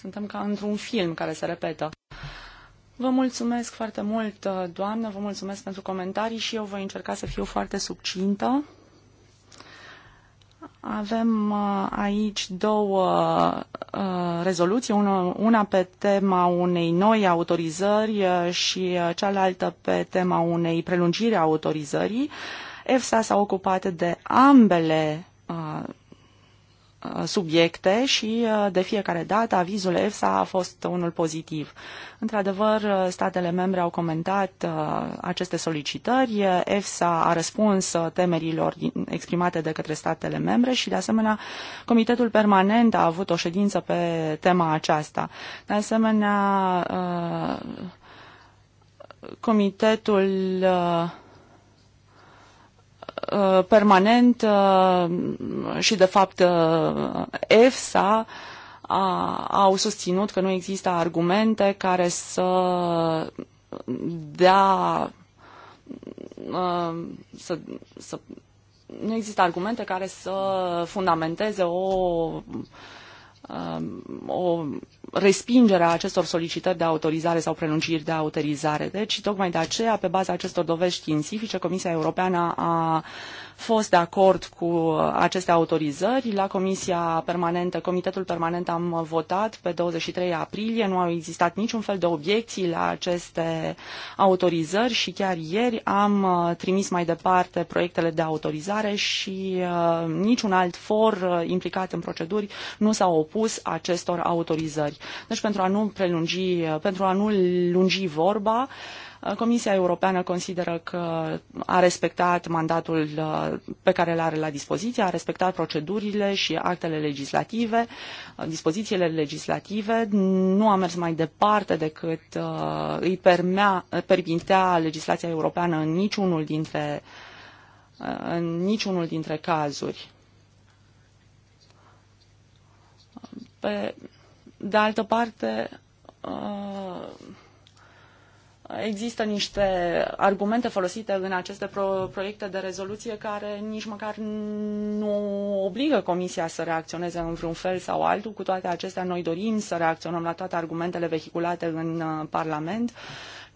Suntem ca într-un film care se repetă. Vă mulțumesc foarte mult, uh, doamnă, vă mulțumesc pentru comentarii și eu voi încerca să fiu foarte subcintă. Avem uh, aici două uh, rezoluții, una pe tema unei noi autorizări și cealaltă pe tema unei prelungiri a autorizării. EFSA s-a ocupat de ambele subiecte și uh, de fiecare dată avizul EFSA a fost unul pozitiv. Într-adevăr, uh, statele membre au comentat uh, aceste solicitări, EFSA a răspuns temerilor exprimate de către statele membre și, de asemenea, Comitetul Permanent a avut o ședință pe tema aceasta. De asemenea, Comitetul uh, Uh, permanent uh, și, de fapt, uh, EFSA a, au susținut că nu există argumente care să dea să, să nu există argumente care să fundamenteze o Um, o respingere a acestor solicitări de autorizare sau prelungiri de autorizare. Deci, tocmai de aceea, pe baza acestor dovezi științifice, Comisia Europeană a fost de acord cu aceste autorizări. La Comisia Permanentă, Comitetul Permanent am votat pe 23 aprilie, nu au existat niciun fel de obiecții la aceste autorizări și chiar ieri am uh, trimis mai departe proiectele de autorizare și uh, niciun alt for uh, implicat în proceduri nu s-a opus acestor autorizări. Deci pentru a nu prelungi, pentru a nu lungi vorba, Comisia Europeană consideră că a respectat mandatul uh, pe care îl are la dispoziție, a respectat procedurile și actele legislative, uh, dispozițiile legislative, nu a mers mai departe decât uh, îi permea, permitea legislația europeană în niciunul dintre, în niciunul dintre cazuri. Pe de altă parte, Există niște argumente folosite în aceste pro- proiecte de rezoluție care nici măcar nu obligă Comisia să reacționeze în vreun fel sau altul. Cu toate acestea, noi dorim să reacționăm la toate argumentele vehiculate în uh, Parlament. Uh,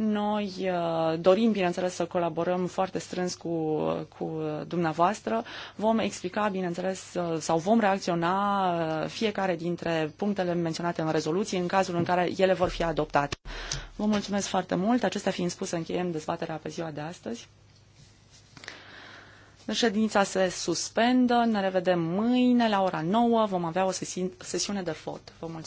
noi uh, dorim, bineînțeles, să colaborăm foarte strâns cu, cu dumneavoastră. Vom explica, bineînțeles, uh, sau vom reacționa uh, fiecare dintre punctele menționate în rezoluție în cazul în care ele vor fi adoptate. Vă mulțumesc foarte mult. Acestea fiind spuse, încheiem dezbaterea pe ziua de astăzi. Ședința se suspendă, ne revedem mâine la ora 9, vom avea o sesiune de vot. Vă mulțumesc!